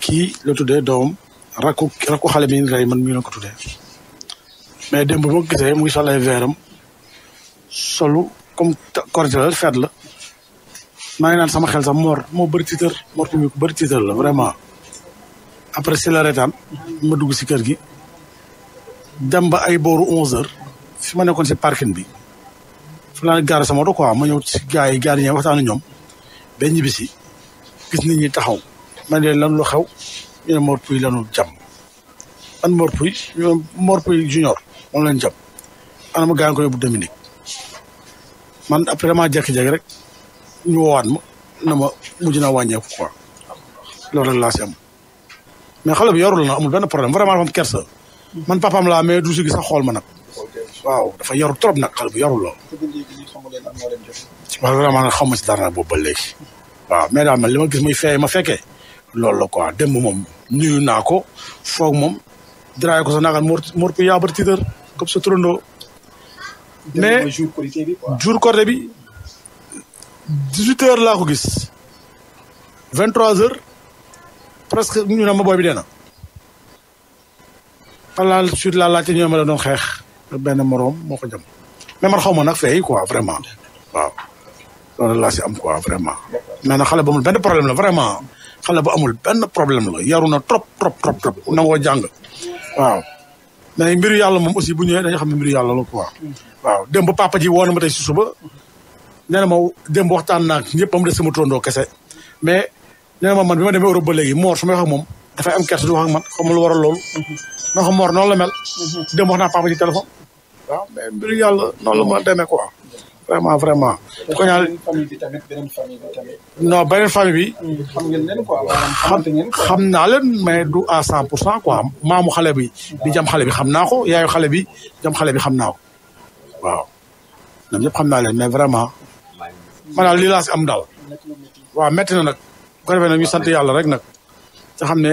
kii la tuddee doom rakku rakku xale bi rey man mii la ko tuddee mais démb bu ma gisee muy sol ay veeram solu comme korité la feet la maa ngi naan sama xel sax moor moo bëri tiitër Mor tamit ku bëri tiitër la vraiment après si la retaan ma dugg si kër gi dem ay booru 11h si ma nekkoon si parking bi fu laa gaare sama moto quoi ma ñëw ci gars yi gars yi ñoom waxtaan ak ñoom ba ñibbisi gis nit ñi taxaw. man leen lan lu xew ñu ne Mor Pouy lanu jam man Mor Pouy Mor Pouy junior moom leen jam ana ma gaañ ko yóbbu Dominique man après damaa jékki-jékki rek ñu woowaat ma na ma mujj naa wàññeeku quoi loolu rek laa si am mais xale bi yarul na amul benn problème vraiment dafa am kersa man papaam laa mais du si gis sax xool ma nag waaw dafa yaru trop nag xale bu yarul lool. ma si dara nag boobu ba léegi waaw mais daal man li gis ma fekkee. loolu la quoi démb moom nuyu naa ko foog moom diraay ko sax naakaan Mor Mor Pouye yaabar tiitër comme sa mais jour korité bi jour dix-huit heures laa ko gis vingt-trois heures presque ñu ne ma booy bi dee na. par la suite laa laajte ñoom ma la doon xeex benn moroom moo ko jëm mais man xaw ma nag fay quoi vraiment waaw loolu laa si am quoi vraiment mais nag xale ba mu benn problème la vraiment. xale ba amul benn problème la yaru na trop trop trop trop na woo jàng waaw mais mbiru yàlla moom aussi bu ñëwee dañu xam ne mbiru yàlla la quoi waaw dem ba papa ji woo na ma tey si suba nee na ma dem ba waxtaan naa ñëpp ba mu des sama tóndoo kese mais nee na ma man bi ma demee ba léegi moor su ma wax ak moom dafay am kersa du wax ak man xam lu waral loolu ma xam moor noonu la mel dem mhm. wax naa papa ji téléphone mbiru yàlla noonu la ma demee quoi vraiment vraiment. di ko ñaanal famille bi hmm, xam ngeen leen quoi xamante ngeen naa leen mais à cent pour cent quoi maamu xale bi. bi jam xale bi xam naa ko yaayu xale bi jam xale bi xam naa ko waaw. ñoom ñëpp xam naa leen mais vraiment man daal lii am daal. waaw métti na nag bu ko defee nag sant yàlla rek nag te xam ne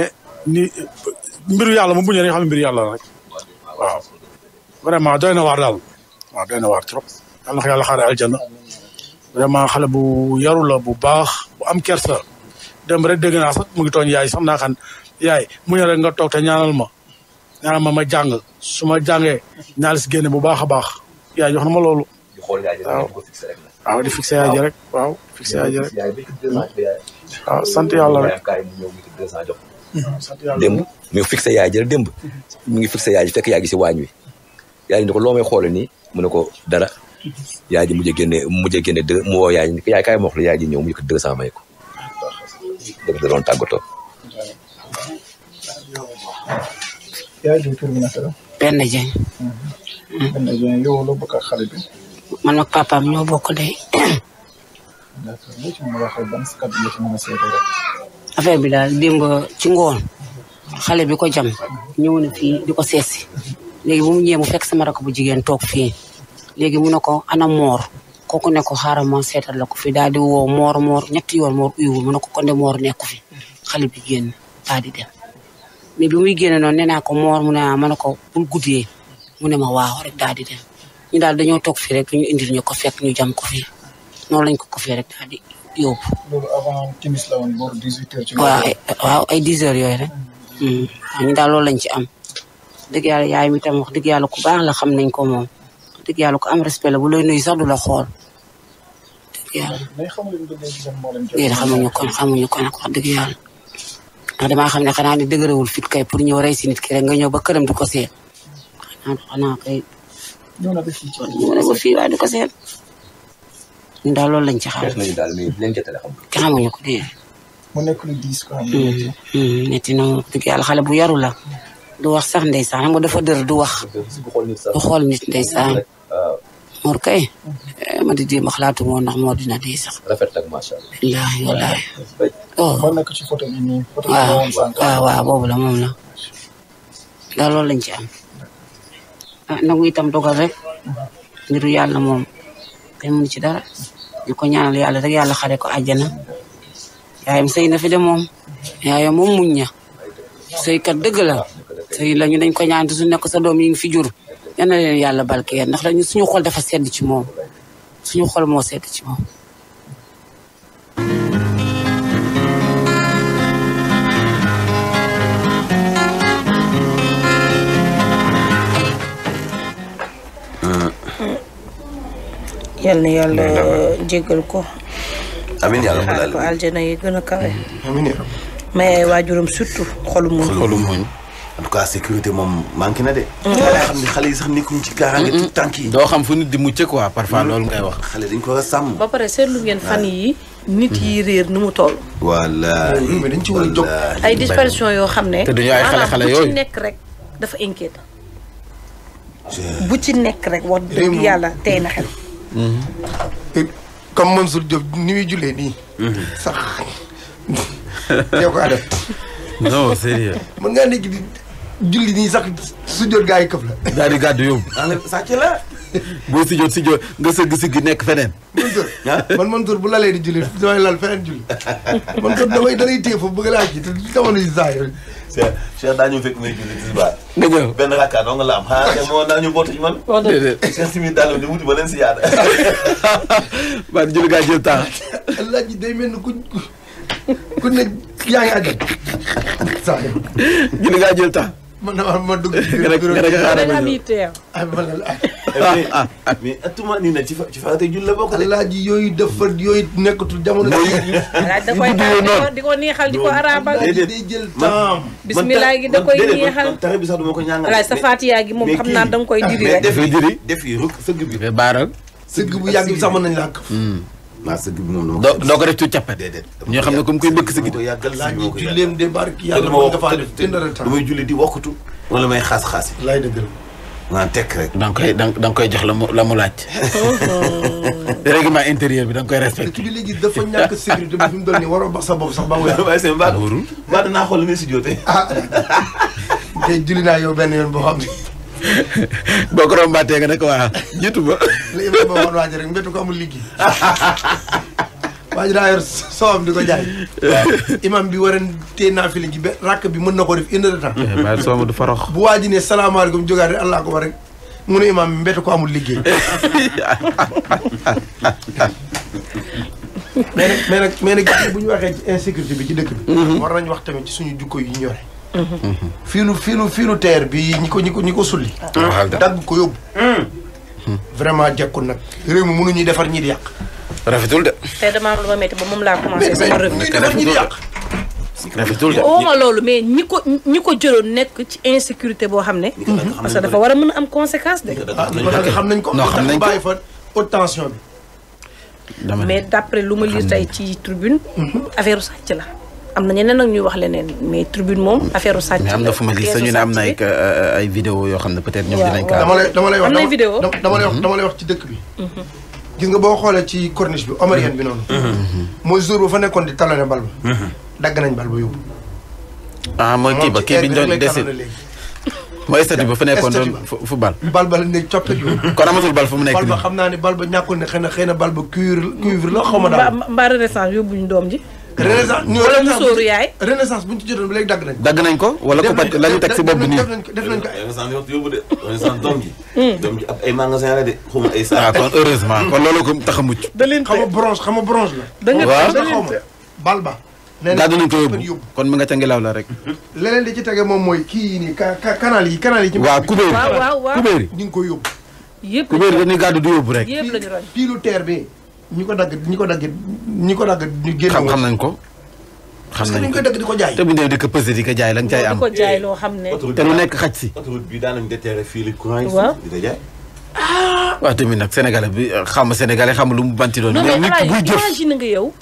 ni mbiru yàlla moom bu ñëwee xam ne mbiru rek waaw vraiment doy na waar daal waaw doy na waar trop. yàlla na yàlla xaare aljana vraiment xale bu yaru bu baax bu am kersa dem rek dégg naa sax mu ngi tooñ yaay sax naa xam yaay mu ne rek nga toog te ñaanal ma ñaanal ma ma jàng suma ma jàngee ñaal si génne bu baax a baax yaay jox na ma loolu. waaw di fixé yaay ji rek waaw fixé yaay ji rek waaw sant yàlla sant yàlla démb mu yaay ji rek mu ngi fixé yaay ji fekk si waañ wi. yaay ni ko loo may xoole nii mu ne ko dara. yaay ji mujjee génne mujjee génne mu woo yaay yaay kaay ma wax la yaay ji ñëw mu ko mm-hmm. ak xale bi. man bi daal ci ngoon xale bi ko jam ñëw na di ko seesi léegi bu mu fekk sama rakk bu jigéen toog fii. léegi mun ne ko ana moor kooku ne ko xaaral ma seetal la ko fi daal di woo moor moor ñetti yoon moor uyuwul mu ne ko kon de moor nekku fi xale bi génn daal di dem mais bi muy génne no nee naa ko moor mu ne ah, ma ne ko bul guddee mu ne ma waaw rek daal ñu daal dañoo toog fii rek ñu indil ñu ko fekk ñu jam ko fii noonu lañ ko ko fii rek daal ay 10 yooyu rek. Hmm. Hmm, waaw loolu lañ ci am. dëgg yàlla yaay mi tam wax dëgg yàlla ku baax la xam nañ ko moom. dëgg yàlla ko am respect la bu lay nuyu sax du la xool dëgg yàlla. déedéet xamuñu kon xamuñu kon ak wax dëgg yàlla ndax damaa xam ne xanaa ni dëgërawul fit kay pour ñëw nit ki rek nga ñëw ba këram di ko seet xanaa xanaa kay. ñëw na ba fii ñëw na ba fii waaye di ko seet ci xam. xamuñu ko déedéet. mu nekk lu diis quoi. Mm, mm, xale bu yaru la. du wax sax ndeysaan xam nga dafa dër du wax. du xool nit ndeysaan. Mor kay eh, ma di a xalaatu moo ndax moo dina dee sax. rafet ak macha allah. wallaahi wallaahi. Oh. la moom la. daal loolu lañ ci am. ah nangu itam dogal rek. mbiru yàlla moom. kenn mënu ci dara. ñu ko ñaanal yàlla rek yàlla xare ko àjjana. yaayam sëy na fi de moom. yaayam moom muñ ña. sëykat dëgg la. sëy la ñu dañ ko ñaan su nekk sa doom yi ngi fi jur. yal na leen yàlla barkeel ndax dañu suñu xol dafa sedd ci moom suñu xol moo sedd ci moom. Ah. yal na yàlla jégal ko. amiin yàlla gën a kawe. amiin. may ay waajuram surtout xolu muñ. en tout sécurité moom manqué na de. xale xam ne xale yi sax nekkuñu ci kaaraange. ci tànk yi doo xam fu nit di mucc quoi parfois loolu ngay wax. xale dañ ko war sàmm. ba pare seetlu ngeen fan yi nit yi hmm. réer nu mu toll. wallaahi wallaahi hmm, dañ ci war a jóg ay disparition yoo xam ne. te dañoo xale yooyu nekk rek dafa inquiétant. bu ci nekk rek wax yàlla tey na xel. Hmm. comme Mansour Diop ni muy sax. [LAUGHS] ngaa nekk di. julli nii sax su jot gaa yi këf la. daal di yóbbu. daanaka sàcc la. boo si jot si jot nga sëgg si gi nekk feneen. man man tur bu lalee di julli damay lal feneen julli man tur damay dalay téye foofu bëgg la ji te jamono ji saa yooyu. Cheikh Cheikh daañu fekk ngay julli tisbaar. nga ñëw benn rakkaat dong nga la am ah te moo naa ñu bootu ci man. wax dëgg de Cheikh Simi Dallone di wuti ba leen si yaata. man julli gaa jël ku ne yaa ngi àggal. saa yooyu. julli gaa jël temps. man damaa ma dugg ci biir bureau bi ah, ah. eh, mais atuma ah, nii nag ci fa ci fa tey jul la bokk de. alaaji yooyu dafa yooyu nekkatul jamono. alaaji da koy taal di ko neexal di ko arabal. day jël temps bismillah gi da koy neexal. tare bi sax du ma ko ñaangal. alaaji sa fatiyaa gi moom xam naa da nga koy diri rek. mais def yi def yi rek sëgg bi. baaraam sëgg bu yàgg bi sax mën nañu lànk. Hmm. maa sëgg bi moom doo ko def ci cappet déedéet ñoo xam ne comme kuy mbëkk sëgg de yàggal laa ngi julleem de barke yàlla moom nga faa def may julli di wokkatu wala may xaas xaas yi laay dëgg rek da nga koy da nga koy jox la mu la mu laaj oh. [LAUGHS] règlement intérieur bi da koy respecté bi léegi dafa ñàkk sécurité bi fi mu doon nii waroo ba sa bopp sax ba waaye seen baa ah, wóorul baa danaa ne si joote ah [LAUGHS] tey julli naa yow benn yoon boo xam ne boo ko rombaatee nga ne ko waa jiitu ba. li Ibrahima waxoon waaj rek mbétu ko amul liggéey. [LAUGHS] waaj daa yor soowam di ko jaay. imam bi waroon téye naa fi liggéey ba rakk bi mën na ko def indi heure de temps. waaye eh, soowam du bu waaj ne salaamaaleykum jógaat rek allah akbar ko amul liggéey. [LAUGHS] mais nag mais nag mais bu ñu waxee ci insécurité bi ci dëkk bi. Mhm. war nañu wax tamit ci suñu jukko yu ñore. fii nu fii nu fii nu teer bi ñi ko ñi ko ñi ko sulli. dagg ko yóbbu. Hmm. vraiment jekkul nag réew mi mënuñuy defar ñi di yàq. rafetul de. tey damaa am lu ma métti ba moom laa commencé. sama rëb ñuy defar ñi di yàq. rafetul de woo ma loolu mais ñi ko ñi ko jëloon nekk ci insécurité boo xam ne. parce que dafa war a mën a am conséquence de. Ah, xam nañ ko xam nañ ko bàyyi fa haute tension bi. mais d' après lu ma lire tey ci tribune mhm. affaire sàcc la. am na ñeneen nag ñuy wax leneen mais tribune moom affaire sàcc. mais am na fu ma gis ñu ne am na ay euh, ay yoo xam ne peut-être ñoom dinañ. waaw wax dama lay wax bi. Mhm. bi omarienne bi noonu. Mhm. Mhm. mooy jour ba bal ba. dagg ba ah, ba kii bi ñu doon dese mooy statut ba fa nekkoon doon fu bal. bal ba ne coppe ji. [LAUGHS] kon amatul bal mu nekk ba xam naa ne bal ba ñàkkul ne xëy na xëy na bal ba cuivre la xaw ma daal. mbaa renaissance yóbbuñu doom ji. renaissance ñu wala musóoru bu ñu ci jotoon ba léegi dagg nañ ko dagg nañ ko wala ko pat la ñu teg si bopp bi nii def nañ ko def nañ ko de renaissance doom ji [LAUGHS] hmm. doom ji ab ay magasin la de xaw ma ay saa ah, kon heureusement kon loolu ko tax a mucc xam nga bronze xam nga bronze la da nga xaw ma bal ba daa dinañ ko yóbbu kon mi nga ca ngelaw la rek leneen di ci tege moom mooy kii yi nii canal yi canal yi ci waaw kubéer kubéer yi ñu ngi ko yóbbu yëpp kubéer dañuy gàddu du yóbbu rek piilu terre bi ñi ko dagg ñi ko dagg ñi ko dagg ñu génn. xam xam nañ ko. xam nañ ko parce que ñu koy dagg di bu ñu jaay lañ cay am. di ko jaay nekk xaj si. autoroute bi daan fii li courant yi. tamit nag sénégalais bi euh, xam sénégalais xam lu mu banti doon. mais nit buy jëf imagine nga yow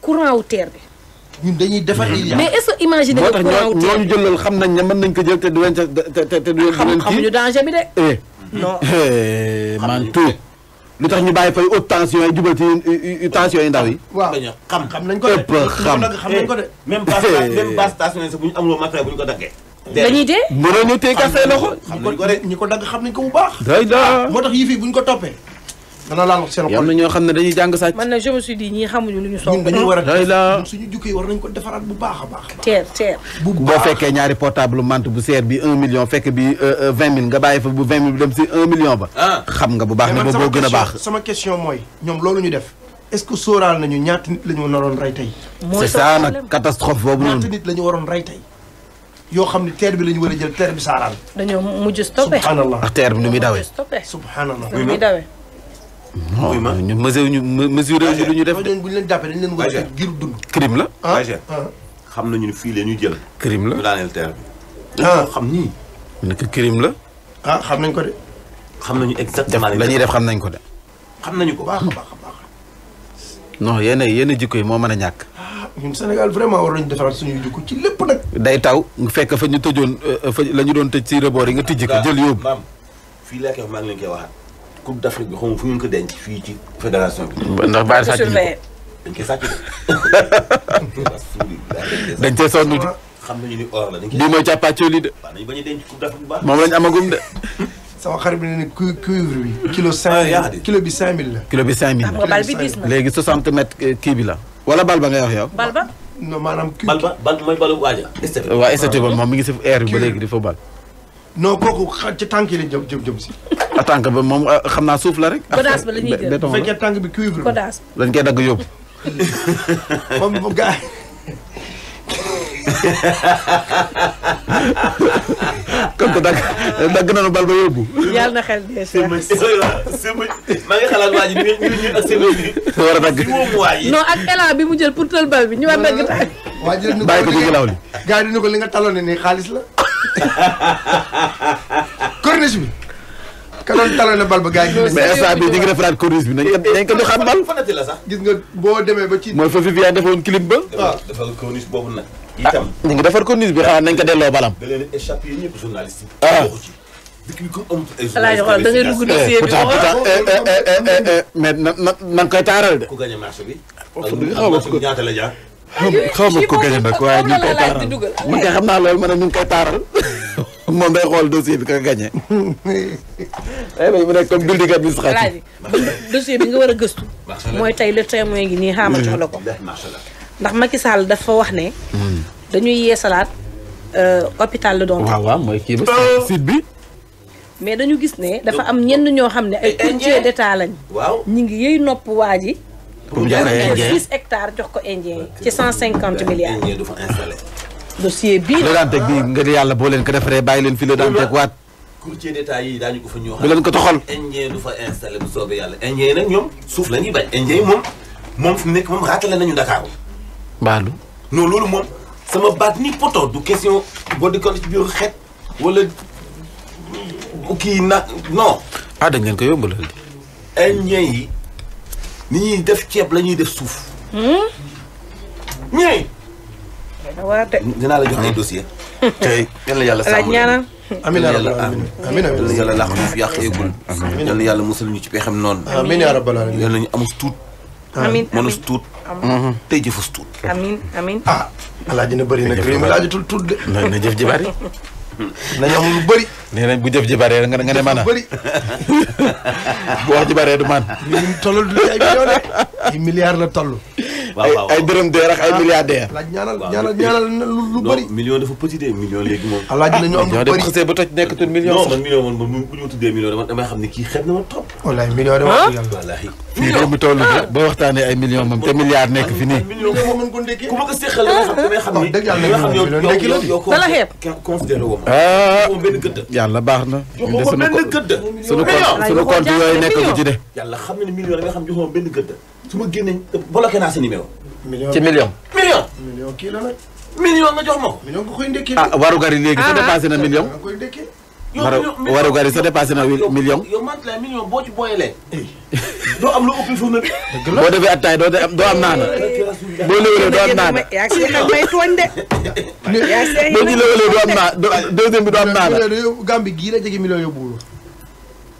courant wu terre bi. dañuy defar mm-hmm. il mais est-ce que imaginer nga courant wu terre bi moo tax jël loolu xam nañ ne mën nañ ko jël te du xam te te te du leen. xam xamuñu danger bi de. Eh. non. Eh, man lu tax ñu bàyyi fay haute tension yi jubal ci tension yi ndaw yi. waaw xam xam nañ ko de xam nañ ko de. Eh. même base eh. même base station yi sax bu ñu amuloo matériel bu ñu ko daggee. dañuy dee mënoo tey gasee loxo. xam nañ ko de ko dagg xam nañ ko bu baax. day daa moo tax yii fii bu ko toppee. dana laal seen xol. am na ñoo xam ne dañuy jàng sàcc. man ñu soog. ñun war a ko defaraat bu baax a baax. teer ñaari portable bu seer bi un million fekk bi euh, euh, vingt mille nga bàyyi fa bu million ba. Ah. xam nga bu baax ne boo gën a baax. sama question mooy ñoom loolu ñu def. est-ce que sóoraal nañu ñaata nit la ñu naroon rey tey. c'est ça nag catastrophe boobu noonu. la ñu waroon rey yoo xam ne teer la ñu war a jël teer bi saaraan. dañoo mujj nu muy dawee subhanallah nu dawee. muy ma ñun mesure ñu mesure ñu lu ñu def. bu ñu leen jàppee dañu leen war a teg giiru dund. crime la. Ah, ah. xam nañu ne fii la ñu jël. crime la ñu daaneel terre ah. xam nii. nekk crime la. xam nañ ko de. xam nañu exactement la ñuy def xam nañ ko de. xam nañu ko baax a baax a baax. non yenn yenn jikko yi moo mën a ñàkk. ñun Sénégal vraiment war nañu defaraat suñu jikko ci lépp nag. day taw fekk fa ñu tëjoon euh, euh, fa la ñu doon tëj si rebord yi nga tijji ko jël yóbbu. fii laa koy wax koy waxaat coupe d' Afrique bi xaw ma fu ñu ko denc fii ci fédération bi. ndax Baara sàcc dañ koy sàcc de. [LAUGHS] dañ cee sonn ji. ni or la dañ a denc coupe d' Afrique de. [LAUGHS] sama xarit bi ne ne cu cuivre bi. kilo cinq ah, mille kilo bi cinq mille kilo bi cinq mille la. Ah, bal bi diis léegi 60 mètres euh, kii bi la. wala bal ba ngay wax yow. bal ba. non maanaam. bal ba bal mooy balu waaja. Ah. moom mi ngi si air bi ba léegi di fa bal. non kooku xa ci tànk yi lañ jëm jëm jëm si. Ah, tànk ba moom ah, xam naa suuf la rek. godaas ba la ñuy jël bu fekkee tànk bi cuivre godaas dañ koy dagg yóbbu. [LAUGHS] moom bu gaa [LAUGHS] kon ko dagg dagg nañu bal ba yóbbu. yàlla na xel dee seex. maa ngi xalaat waa ji ñu ñu ak seen war a dagg non ak élan bi mu jël pour tël bal bi ñu war a dagg. waa ji bàyyi ko ci gilaw li. gars yi dina ko li nga taloon ne nii xaalis la. [LAUGHS] corniche bi. ka doon talonné bal ba gars yi. mais instant bii ñu ngi defaraat corniche bi nañu ko nañu ko bal. sax gis nga boo demee ba ci. mooy fa Viviane defoon clim ba. waaw ah. defal corniche boobu nag. Ah, itam ñu ngi defar corniche bi xanaa nañ ko delloo balam. da leen échappé ñëpp journaliste yi. ah alaaykum da ngay dugg dossier bi mais na na nga koy taaral de. ku bi. Oh, xaw ma a waaye ñu ngi koy taaral [LAUGHS] moom day xool dossier bi ka gagné. day [LAUGHS] eh, mu nekk comme building administratif. dossier bi nga war a gëstu. mooy tey le témoin gi nii xaama jox la ko. Mm-hmm. ndax Macky Sall dafa wax ne. Mm. dañuy yeesalaat euh, hôpital la doon. waaw waaw oh. bi. mais dañu gis ne dafa am ñenn ñoo xam ne ay. ay eh, eh, courtiers d'État lañ. waaw ñu ngi yëy nopp waa ji. pour mu jaay six hectares jox ko indien yi ci cent cinquante milliards. indien du fa installé. dossier bii la Dantec bi nga di yàlla boo leen ko defaree bàyyi leen fii la Dantec waat. courtier d'état yi daañu ko fa ñëw. bu leen ko toxal indien du fa installé bu soobee yi nag ñoom suuf la ñuy bañ. indien yi moom moom fu mu nekk moom raatale nañu Dakar. baalu. non loolu moom sama baat ni poto du question boo dikkoon ci biir xet wala kii na non. ah dañ leen ko yombalal. indien yi. ni ñuy def ceeb la ñuy def suuf. Hmm? ñooy. dinaa la jox ay hmm. tey yal na yàlla sàmm leen amiin yaa rabbal aalamiin amiin amiin yal na yàlla làq ñu fi yàq eegul. amiin yal na musal ñu ci pexem noonu. amiin yaa rabbal aalamiin yal nañu amus tuut. amiin mënus tuut. Mm-hmm. tey jëfus tuut. amiin amiin. ah alaaji na bëri nag. na jëf ji bari na jëf ji nee nañ bu jëf ji baree nga ne man a bu wax ji baree du man ñun tollul du ay millions de ay milliards la toll. waaw ay dërëm dee ak ay milliardaire. laaj ñaanal ñaanal ñaanal lu bëri. million dafa petit de million léegi moom. alaaji la ñu am lu bëri xasee ba toj nekkatul million. non man million man man bu ñu ma tuddee million dama damay xam ne kii xeeb na ma trop. wallaahi million dama ko yàlla. wallaahi. fii réew mi toll de boo waxtaanee ay million moom te milliard nekk fi nii. million moom mën ko ndékkee. ku ma ko séqal damay xam damay xam ni. dëgg yàlla million ndékki la yow yow yow considéré woo ma. benn gëdd yàlla baax na. joxoo ko benn gëdd. sunu sunu compte yooyu nekk bu ci de. yàlla xam na million la nga xam joxoo benn gëdd. su ma génnee bloqué a sa numéro. million million. million. million kii la nag. million nga jox ma ko. million nga koy ndekkee. yi ah, léegi. ah ah dépassé na million. waru gari sa dépassé na million. yow man la million boo ci booyalee. doo am lu ëpp suuna bi. boo defee doo doo am naana. boo léwalee doo am naana. yaa ngi see may tooñ de. yaa ngi see boo ci léwalee doo am bi doo am naana. mbi gii la jege million yóbbuwul.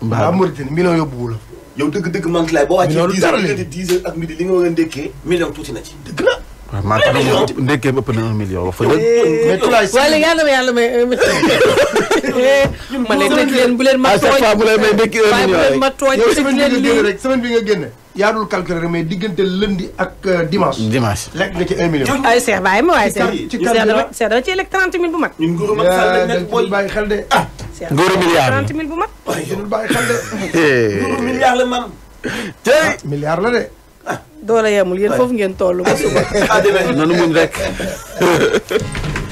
mbaa Mauritanie million yóbbuwul. yow dëgg-dëgg man lay boo wàccee dix heures ak midi li nga war a million tuuti na ci dëgg la. waaw maa ngi ko doon ndekkeem ëpp na un million wax fa dëgg. wala yàlla na yàlla million. ma leen tëj leen bu leen ma tooñ à chaque fois mu lay may million bi nga génne rek semaine bi nga génne. yaa dul calculer rek mais diggante lundi ak euh, dimanche. dimanche lekk nga million. ay Cheikh bàyyi ma waaye Cheikh. ci Cheikh dama ciy lekk trente bu mat. ñun nguuru Macky bàyyi xel de ah. ah! bu mat. waaye bàyyi xel de. nguuru [LAUGHS] la ah, milliard la de. doole yemul yéen foofu ngeen toll ba suba. [LAUGHS] Ah, nanu mun rek. [LAUGHS]